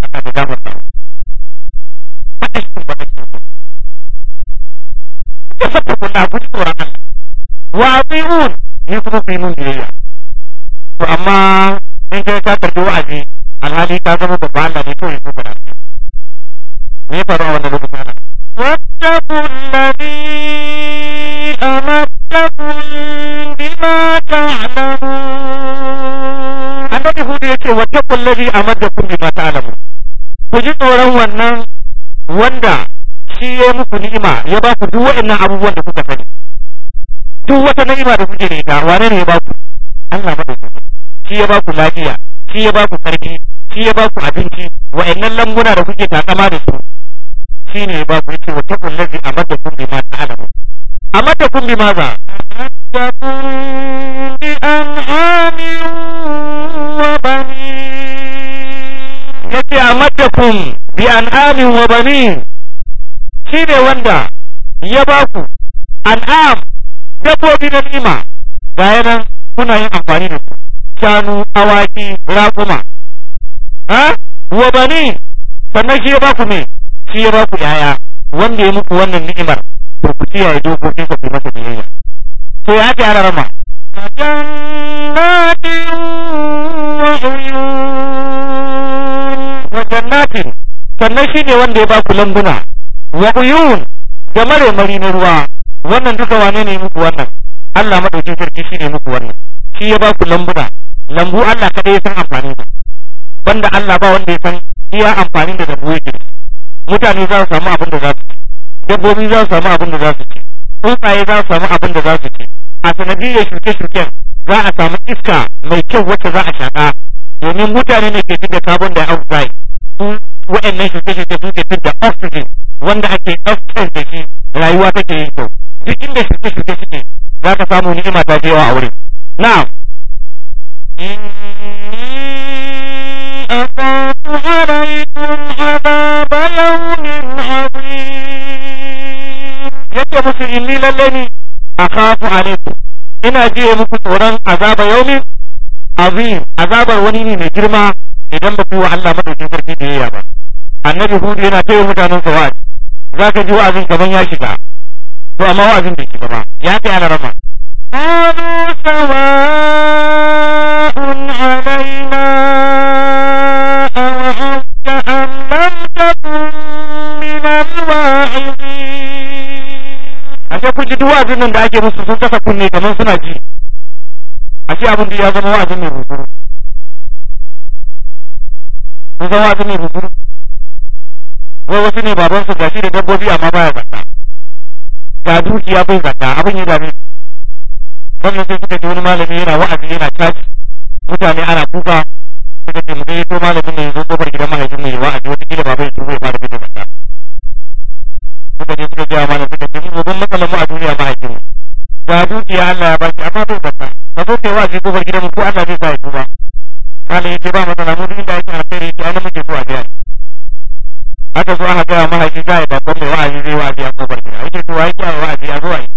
aka da ba shi ba ni kuma ku yi mun biyayya to amma in kai ka tarbi wa'azi alhali ka zama babba Allah ne to yanzu ba me ya faru a wannan lokacin واتقوا الذي أمدكم بما تعلمون النبي هود يقول واتقوا ta alamu. Ku ji tsoron wannan wanda shi ya muku ni'ima ya ba ku duwa ina abubuwan da kuka sani duk wata ni'ima da kuke da ita wane ne ya ba ku Allah madaukaki shi ya ba ku lafiya shi ya ba ku karfi shi ya ba ku abinci waɗannan lambuna da kuke takama da su ne ba ku yake wata kullazi a mata kun bi ma ta alamu a mata kun bi ma za تكن بأنعام وبنين يتي أمتكم بأنعام وبنين شيني وندا يباكو أنعام na nima ga غاينا kuna yin amfani da su shanu awaki raƙuma ha wa bani sannan shi ya ba ku me shi ya ku yaya wanda ya muku wannan ni'imar to ku kiyaye dokokin sa ku masa biyayya to ya ce ana rama wa jannatin sannan shi ne wanda ya ba ku lambuna wa uyun da marmari na ruwa wannan duka wane ne muku wannan Allah madaukin sarki shi ne muku wannan shi ya ba ku lambuna lambu Allah kada ya san amfani da banda Allah ba wanda ya san iya amfani da ya yake mutane za su samu abin da za su ci dabbobi za su samu abin da za su ci tsuntsaye za su samu abin da za su ci a sanadiyar shirke shirken za a samu iska mai kyau wacce za a shaka domin mutane ne ke fidda carbon dioxide su wa'annan shirke-shirke su ke fidda oxygen wanda ake oxygen da shi rayuwa take yin kyau duk inda shirke shirke suke za ka samu ni'ima ta yawa a wurin na'am inni lalle ni a kafu alaikum ina jiye muku tsoron azaba yaumin azim azabar wani ne mai girma idan ba wa Allah madaukin sarki da yaya ba annabi hudu yana taya mutanen sa za ka ji wa'azin kaman ya shiga to amma wa'azin bai shiga ba ya ta ana rama قالوا sawa'un ashe kun ji duk nan da ake musu sun kasa kunne kamar suna ji ashe abin da ya zama wa'azin mai rusuru sun zama wa'azin mai rusuru wai wasu ne su gashi da dabbobi amma baya zata ga dukiya bai zata abin ya dame wannan sai suka ji wani malami yana wa'azi yana caci mutane ana kuka suka ce mu ga yato malamin ne ya zo kofar gidan mahaifin mai wa'azi wata kila baban ya tuba ya fara fito zata suka je suka gaya mana suka ce mu ban matsalar mu a duniya ba hakimi ga dukiya Allah ya baki amma bai zakka ka zo kai wazi ko bar gidan ko Allah zai sa ya tuba Allah yake ba matsala mu duk inda yake alkhairi yake ana muke so a gaya aka zo aka gaya mahaifi za ya babban mai wa'azi zai wa'azi a kofar gida yake to wai kyawa wa'azi a zo a yi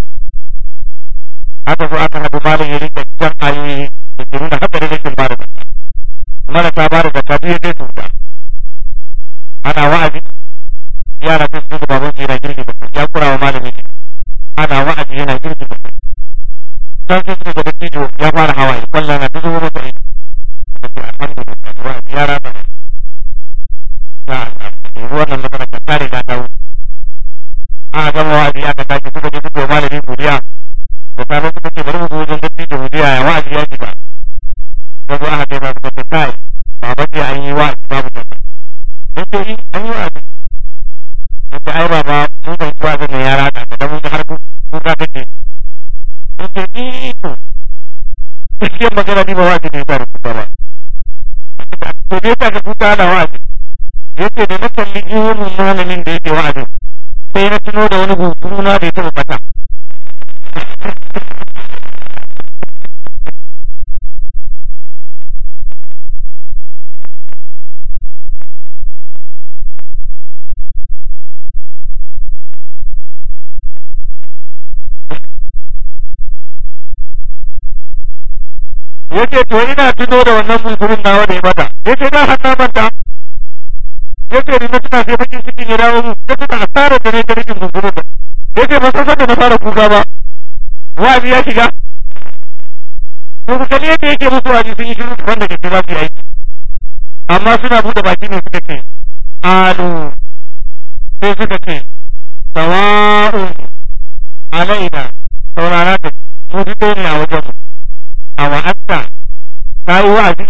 aka zo aka haɗu malam ya rike jan ayoyi da ke haka haɗarin rashin ba da zakka marasa ba da zakka duk ya kai su ana wa'azi yara ta ya kura wa malami ana wa'azi yana girki da kai sai suka gaba cijo ya fara hawaye kwallo na ta zuwa masa aiki da ke alhamdulillah da wa'azi ya rasa da ta alhamdulillah nan ta tare da ta a gama wa'azi aka tashi suka je suka yi malami godiya da ta suka ce bari mu zo wajen dattijo mu je wa'azi ya shiga aka kai ba suka ce kai baba ce an yi wa'azi babu sassa. Yake yi eh, an yi wa'azi. Yake ai ba mun kan abubuwa zai yara da da kuka ta magana ni ba wa ta ne ta ba to dai ta ga kuka da wa yake da na kalli malamin da yake wa'azi sai na tuno da wani gugu na da ya taɓa yace to ina tuno da wannan bulbulin nawa da ya bata yace da har na manta yace ni na tuna sai bakin cikin ya wani mu ta tuna da ne ta rikin bulbulin da yace ba san sanda na fara kuka ba wa'azi ya shiga to ku kalli yadda yake musu wa'azi sun yi shiru da wanda ke za su yi aiki amma suna buɗe baki ne suka ce alu sai suka ce sawa'un alaina saurana ta mu ji ne a wajen mu. a wa'asta ta yi wa'azi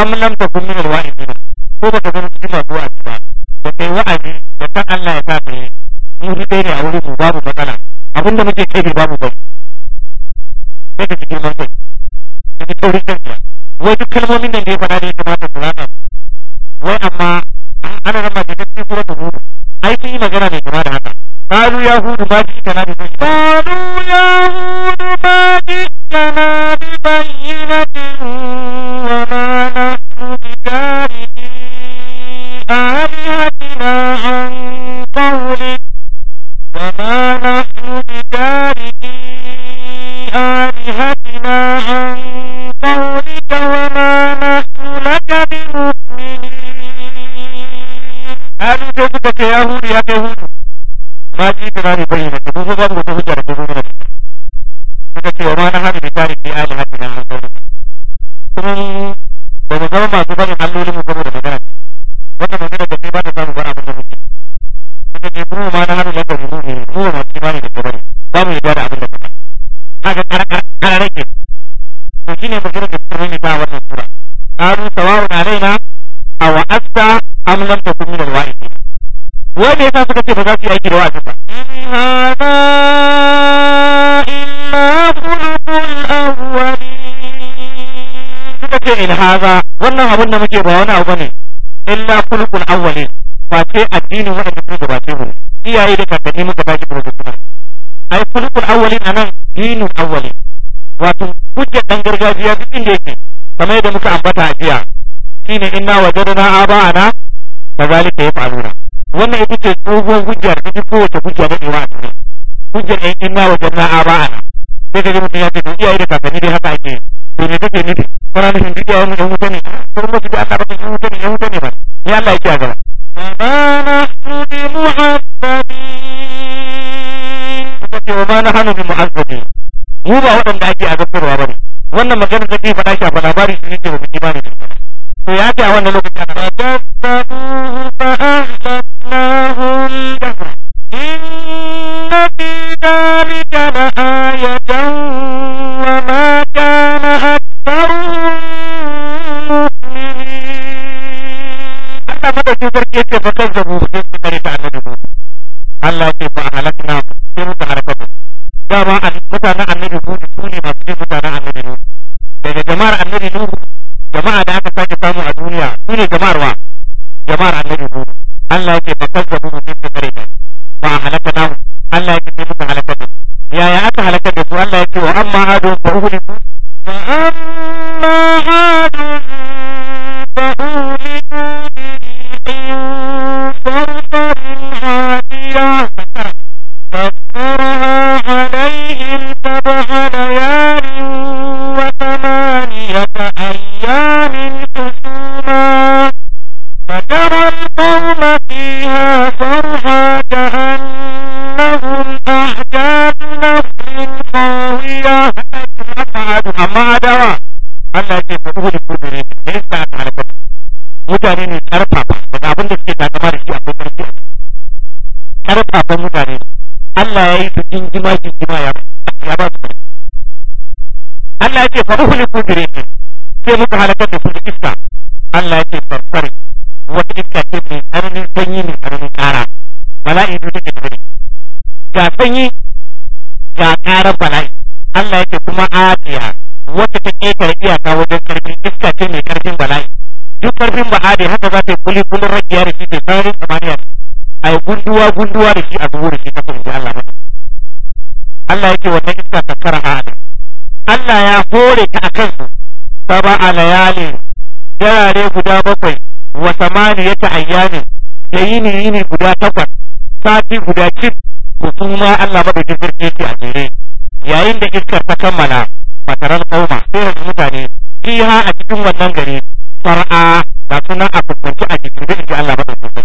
am lam takun wa'azi ba. ko ba ka zama cikin masu wa'azi ba da kai wa'azi da ta Allah ya sa ka yi mu ji ne a wurin mu babu matsala abinda muke kai babu ba sai ka ji girman kai ka ji taurin kanka wai duk kalmomin nan da ya faɗa ne ya kamata su rasa wai amma ana nan ma da ta cikin suratul hud ai sun yi magana mai kama da haka ya قالوا يا هود ما جئتنا بشيء قالوا ya kai hudu ma ji da mu bayyana ta dubu babu wata hujja da dubu mana suka ce wa hadu na an kuma ba mu zama masu barin mu saboda magana wata magana da ba ta samu ba abin da muke suka ce kuma ma na hadu mu ne mu ma masu da gaba ne mu abin da kuka haka to magana da suka wannan sura sawa'un alaina yasa suka ce ba za su yi aiki da wa'azi ba illa suka ce in haza. wannan abun da muke ba wani abu bane illa khuluqul awwalin ba ce addinin wa'anda sun gabace mu iyaye da kakanni muka baki kuma rubutu ai khuluqul awwalin nan. dinin awwalin wato kuke dan gargajiya duk inda yake kamar yadda muka ambata a jiya shine inna wajadna aba'ana kazalika yaf'aluna wannan ita ce tsohuwar hujjar ta ji kowace hujja ba ne wa ne hujjar ɗan inna ma wajen a ba ana sai ka kaji mutum ya ce to iyaye da kakanni dai haka ake to me kake nufi kana nufin duk iyayen mu ɗan wuta ne to mu shiga Allah ba ɗan wuta ne ɗan wuta ne ba ni Allah yake a gaba su bi فما نحن بمعذبين hannu bi بمعذبين mu ba waɗanda ake azabtarwa ba ne wannan maganar da ke faɗa shi a labari shi ne ke ba mu ba ne to ya ce a wannan lokacin a yake fa sai su ta annabi Allah halakna sai halaka dama mutanen annabi su ne mutanen annabi daga jama'ar annabi jama'a da aka sake samu a duniya su ne jama'ar wa jama'ar annabi Allah yake fa sai su ta ba halakna Allah sai halaka yaya aka halaka da su Allah yake wa amma adu mutane ne karfafa daga abin da suke takama da shi akwai karfi a karfafa mutane Allah ya yi su jingima jingima ya ya ba su Allah ya ce fa uhliku bi rihin ke muka halakar da su da iska Allah ya ce farfar wata iska ce mai tsananin sanyi mai tsananin kara bala'i biyu take tafi ga sanyi ga karar bala'i Allah ya ce kuma a za ta yi kuli kulin rakiya da shi ta saurin samaniya a yi gunduwa gunduwa da shi a zuwa da shi ta kuma Allah ba Allah yake wannan iska ta kara a adam Allah ya hore ta a kansu ta ba a layali jarare guda bakwai wa samani ya ta ne da yini yini guda takwas sati guda cif ku suna Allah Allah da jirgin yake a jere yayin da iskar ta kammala fataran kauma sai mutane fiha a cikin wannan gari far'a ga suna a kukunci a jikin da ji Allah maɗaukaki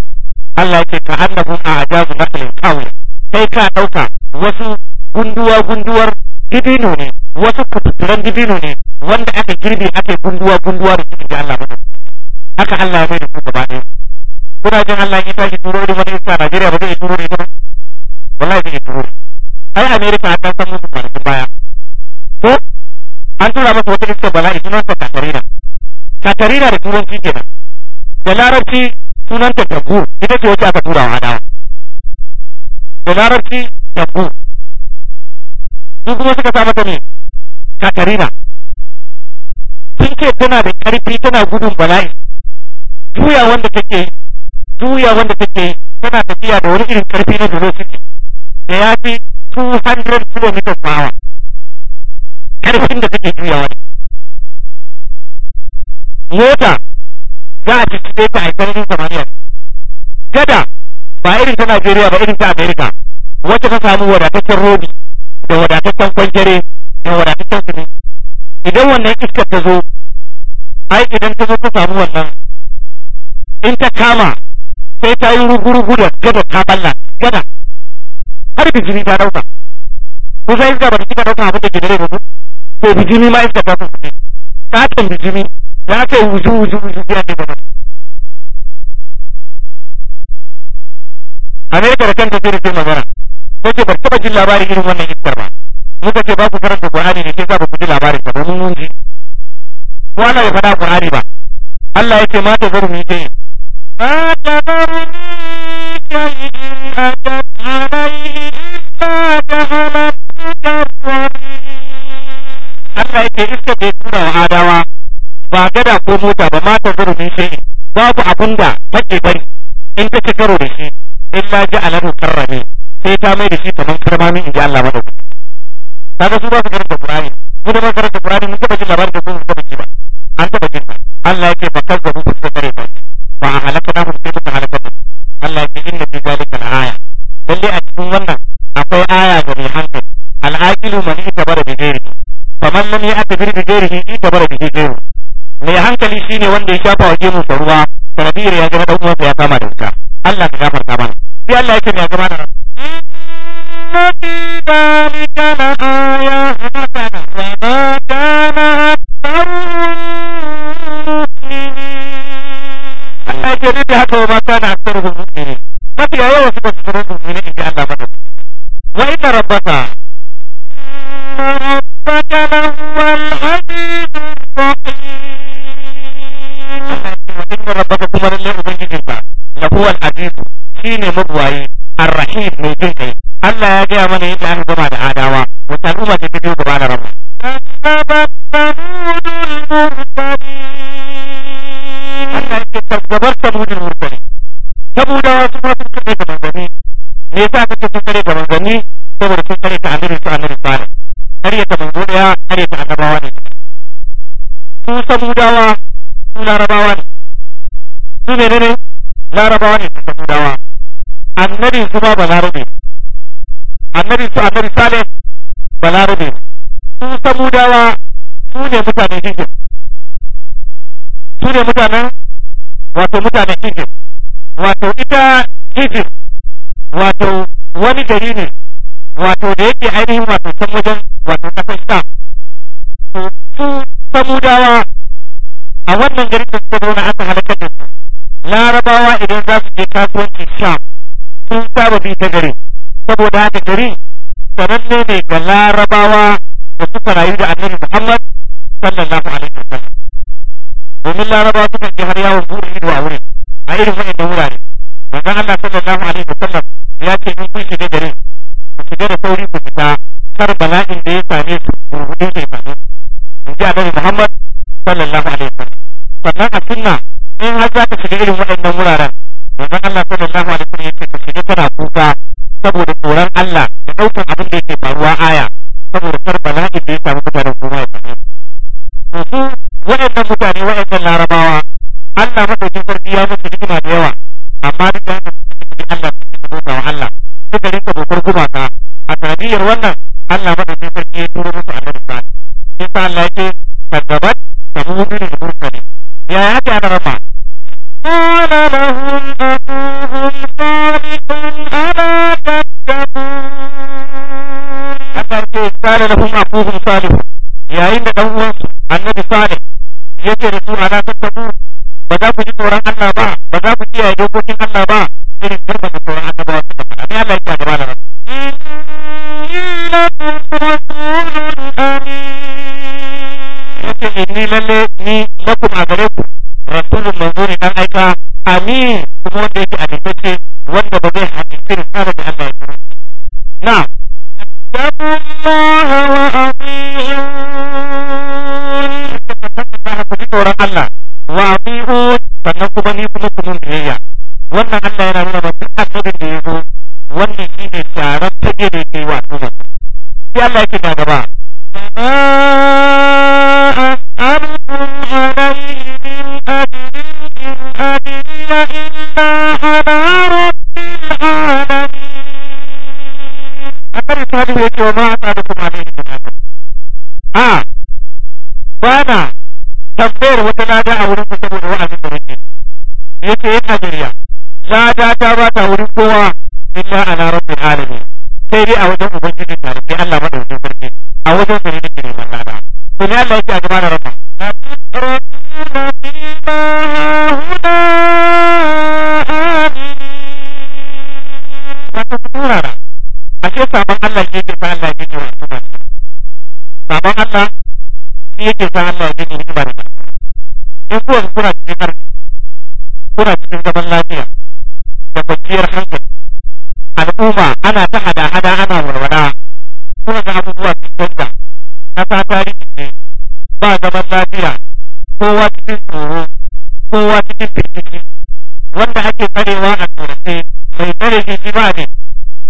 Allah yake ka annahu a ajazu masalin kawai sai ka ɗauka wasu gunduwa gunduwar dibino ne wasu kututturan dibino ne wanda aka girbe ake gunduwa gunduwa da su ji Allah maɗaukaki haka Allah ya mai da su gaba ɗaya kuna jin Allah ya tashi turo da wani a Najeriya ba zai turo da ita wallahi zai turo ai Amerika ta san musu kwanakin baya ko an tura masa wata iskar bala'i sunan ta Katarina Katarina da turanci kenan da larabci sunanta tabu ita ce wacce aka tura wa adawa da larabci tabu su kuma suka sa mata ne katarina sun ce tana da karfi tana gudun bala'i juya wanda take juya wanda take tana tafiya da wani irin karfi na velocity da ya fi 200 km per hour karfin da take juyawa mota za a cikin ta a sararin samaniya gada ba irin ta Najeriya ba irin ta Amerika wacce ta samu wadataccen rodi da wadataccen kwanjere da wadataccen sumi idan wannan iskar ta zo ai idan ta zo ta samu wannan in ta kama sai ta yi rugurugu da gada ta balla gada har da jini ta dauka kusa iska ba ta cika dauka abin da ke dare ba to bijimi ma iska ta fi katon bijimi ya ce wuzu wuzu wuzu ya ce gaba Amerika da kanta ce da ke magana ko ce ba taɓa jin labarin irin wannan iskar ba muka ce ba ku karanta Qur'ani ne sai ba ku ji labarin ta ba mun mun ji ko Allah ya faɗa Qur'ani ba Allah ya ce ma ta zarumi ce ma ta zarumi Allah yake iska bai tura wa adawa ba gada ko mota ba mata ta zuru ne shi'in babu abun da take bari in ta ci karo da shi in ma ji alahu karrami sai ta mai da shi kamar karmamin in ji Allah madaukaki kaga su ba su karanta Qur'ani mu da ba karanta Qur'ani mun taba jin labarin da kuma taba ji ba an taba jin Allah yake ba kaza ku suka kare ba ba a halaka da mun ta halaka ba Allah yake inna fi zalika la aya lalle a cikin wannan akwai aya ga mai hankali al'aqilu man kamar aka lam ya'ti bi ita bara bihi ghairu mai hankali shine wanda ya shafa wa gemu sa ruwa sanadiyar ya zama dan uwansa ya kama da wuta Allah ka gafarta mana sai Allah ya ce mai zama da inna ne mabuwayi arrahim mai jin kai Allah ya gaya mana yadda aka gama da adawa wata al'umma ta fito gaba da rabu su ma sun da me yasa ta annabi su annabi kare ta manzo daya kare ta annabawa ne su samudawa su ne su ne ne larabawa ne annabi su ba balarabe annabi su annabi salih balarabe su samudawa su ne mutane egypt su ne mutanen wato mutane egypt wato ita egypt wato wani gari ne wato da yake ainihin wato can wajen na garin saboda haka gari sananne ne ga larabawa da suka rayu da annabi muhammad sallallahu alaihi wa sallam domin larabawa suka ji har yawon buɗe ido a wurin a irin wani da wurare manzon allah sallallahu alaihi wa sallam ya ce in kun shiga gari ku shiga da sauri ku fita kar bala'in da ya same su rubutun da ya same su in ji annabi muhammad sallallahu alaihi wa sallam sannan a sunna in har za ka shiga irin wani Allah ƙasa ta ne ba zaman lafiya kowa cikin tsoro kowa cikin firgici wanda ake tsarewa a tsorace mai tsare shi shi ba ne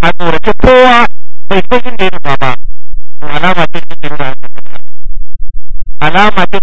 a tsorace kowa bai san inda ya nufa ba to alama ce cikin da alama ce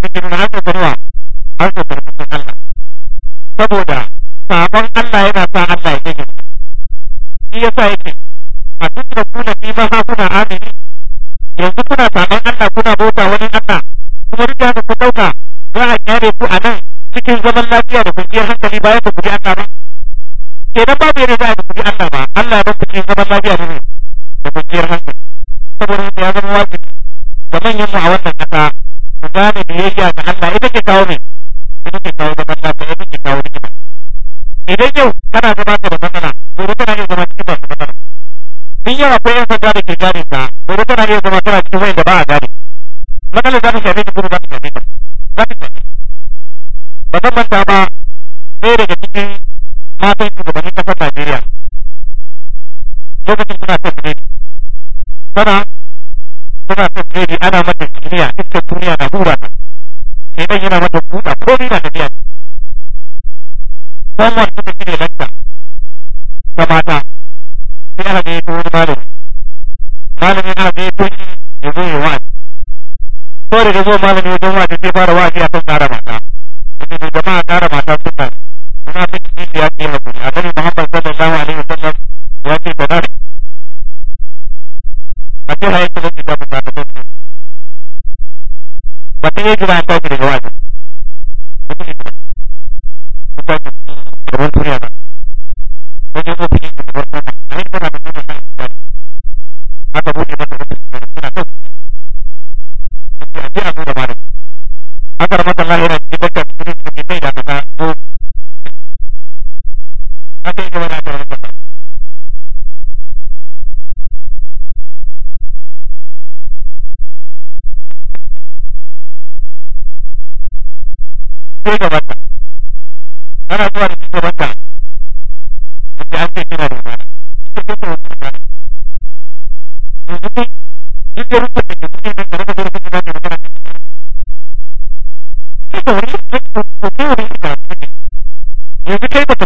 ana mata kimiyya iskar duniya na hura ta sai dan yana mata buɗa komai na tafiya someone suka shirya lakta ta mata sai aka gaya ta wani malami malami aka gaya to shi ya zo ya wa'azi so da zo malami ya wajen wa'azi sai fara wa'azi a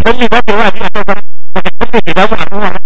Tommy va a probar, va a probar, va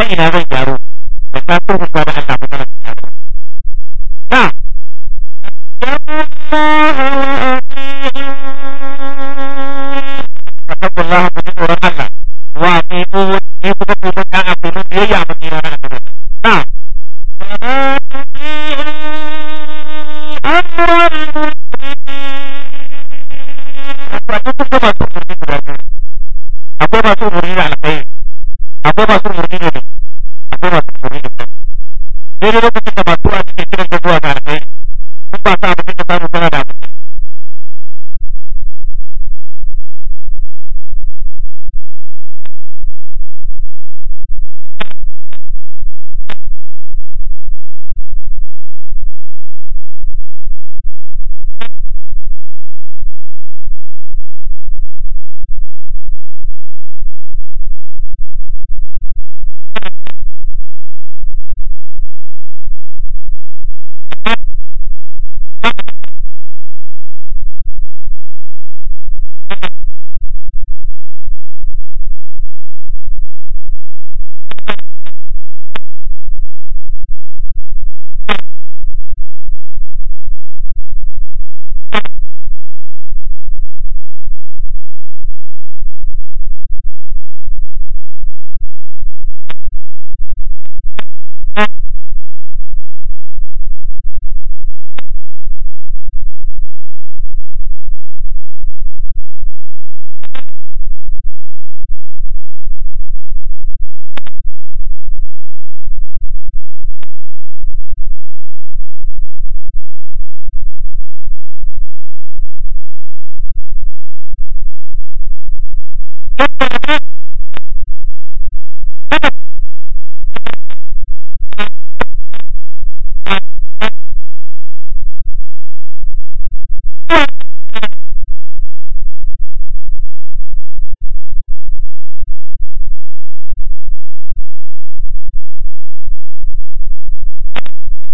ta ina zan gyaru da ka turkusa da Allah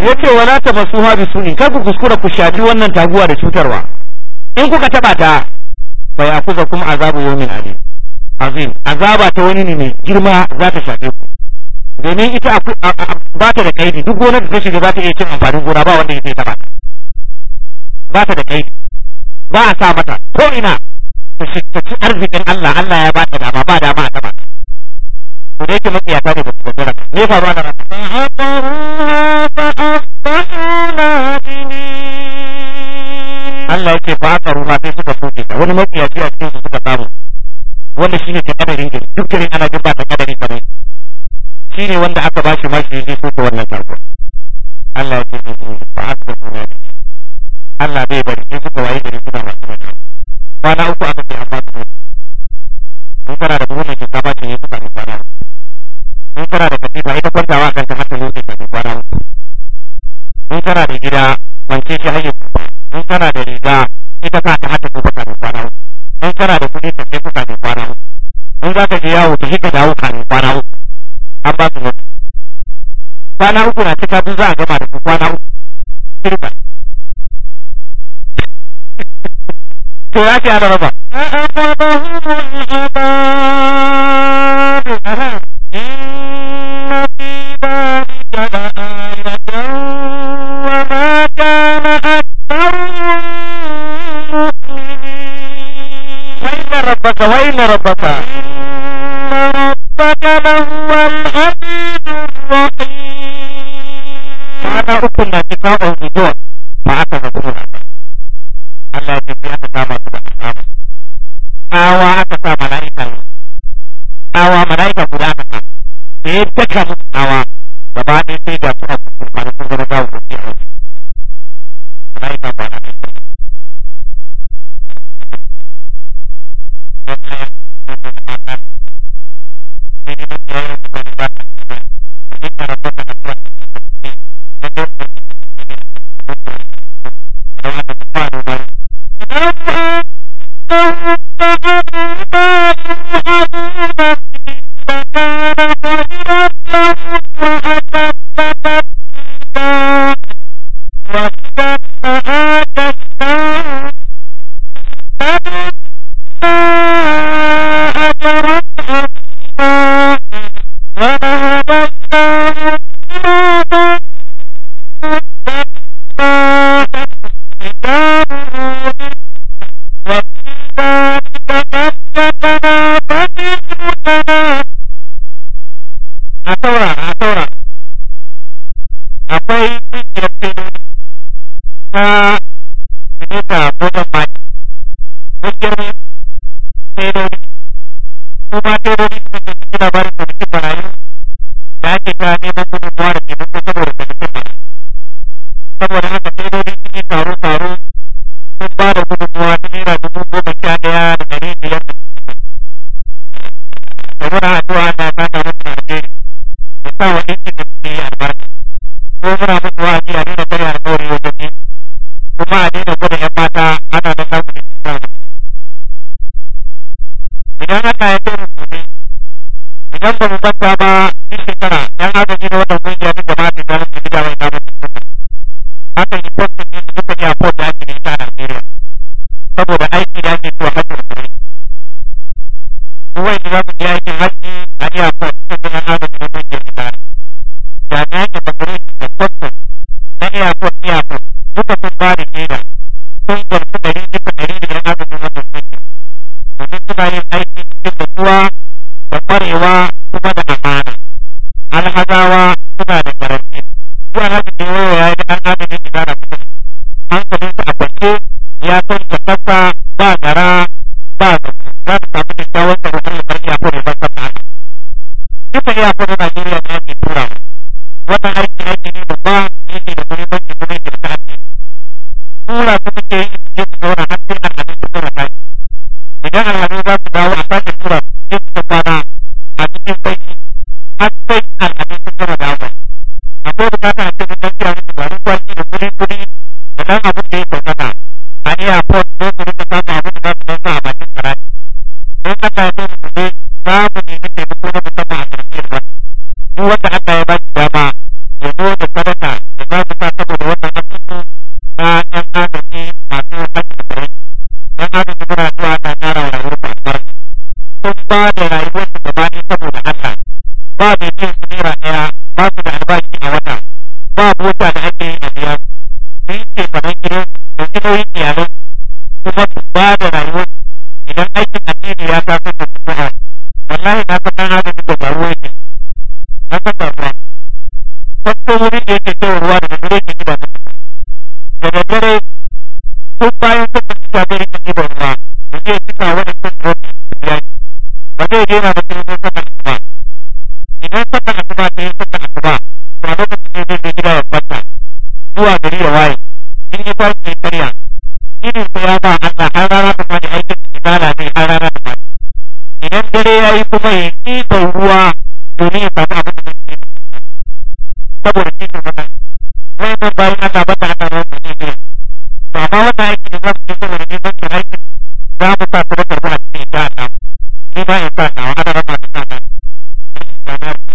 ya ce wala ta masu ha bisu'in kar ku kuskura ku shafi wannan taguwa da cutarwa in kuka taba ta fa ya kuza kuma azabu yawmin alim azim azaba ta wani ne mai girma za ta shafe ku domin ita ba ta da kaidi duk gonar da ta shiga za ta iya cin amfanin gona ba wanda yake taɓa ba ta da kaidi ba a sa mata ko ina ta shittaci arzikin Allah Allah ya ba ta dama ba dama a taɓa to da yake makiyata ne ba su gobera ne faruwa da rana aka ruha sai suka soke ta wani mafiyaci a cikin su suka samu wanda shine ta kadarin gari duk gari ana jin ba ta kadarin gari shine wanda aka bashi mashi ya ne soke wannan tarko Allah ya ce ni ba a ka haka ba ne Allah bai bari sai suka waye gari suna masu mutum kwana uku aka ce amma su in kana da buhunan shinkafa ce ya fi sami kwana in kana da katifa ita kwantawa kan ta hata lokacin sami kwana in kana da gida kwance shi hanyar in kana da riga ta sa ta hada ko ta kwana uku in kana da kuɗi ka sai kwana uku in za ka je yawo ta hika dawo ka kwana uku an ba su mutu kwana uku na cika za a gama da ku kwana uku kirka to ya ce ana raba ربك وإن ربك imposto de ganhar poder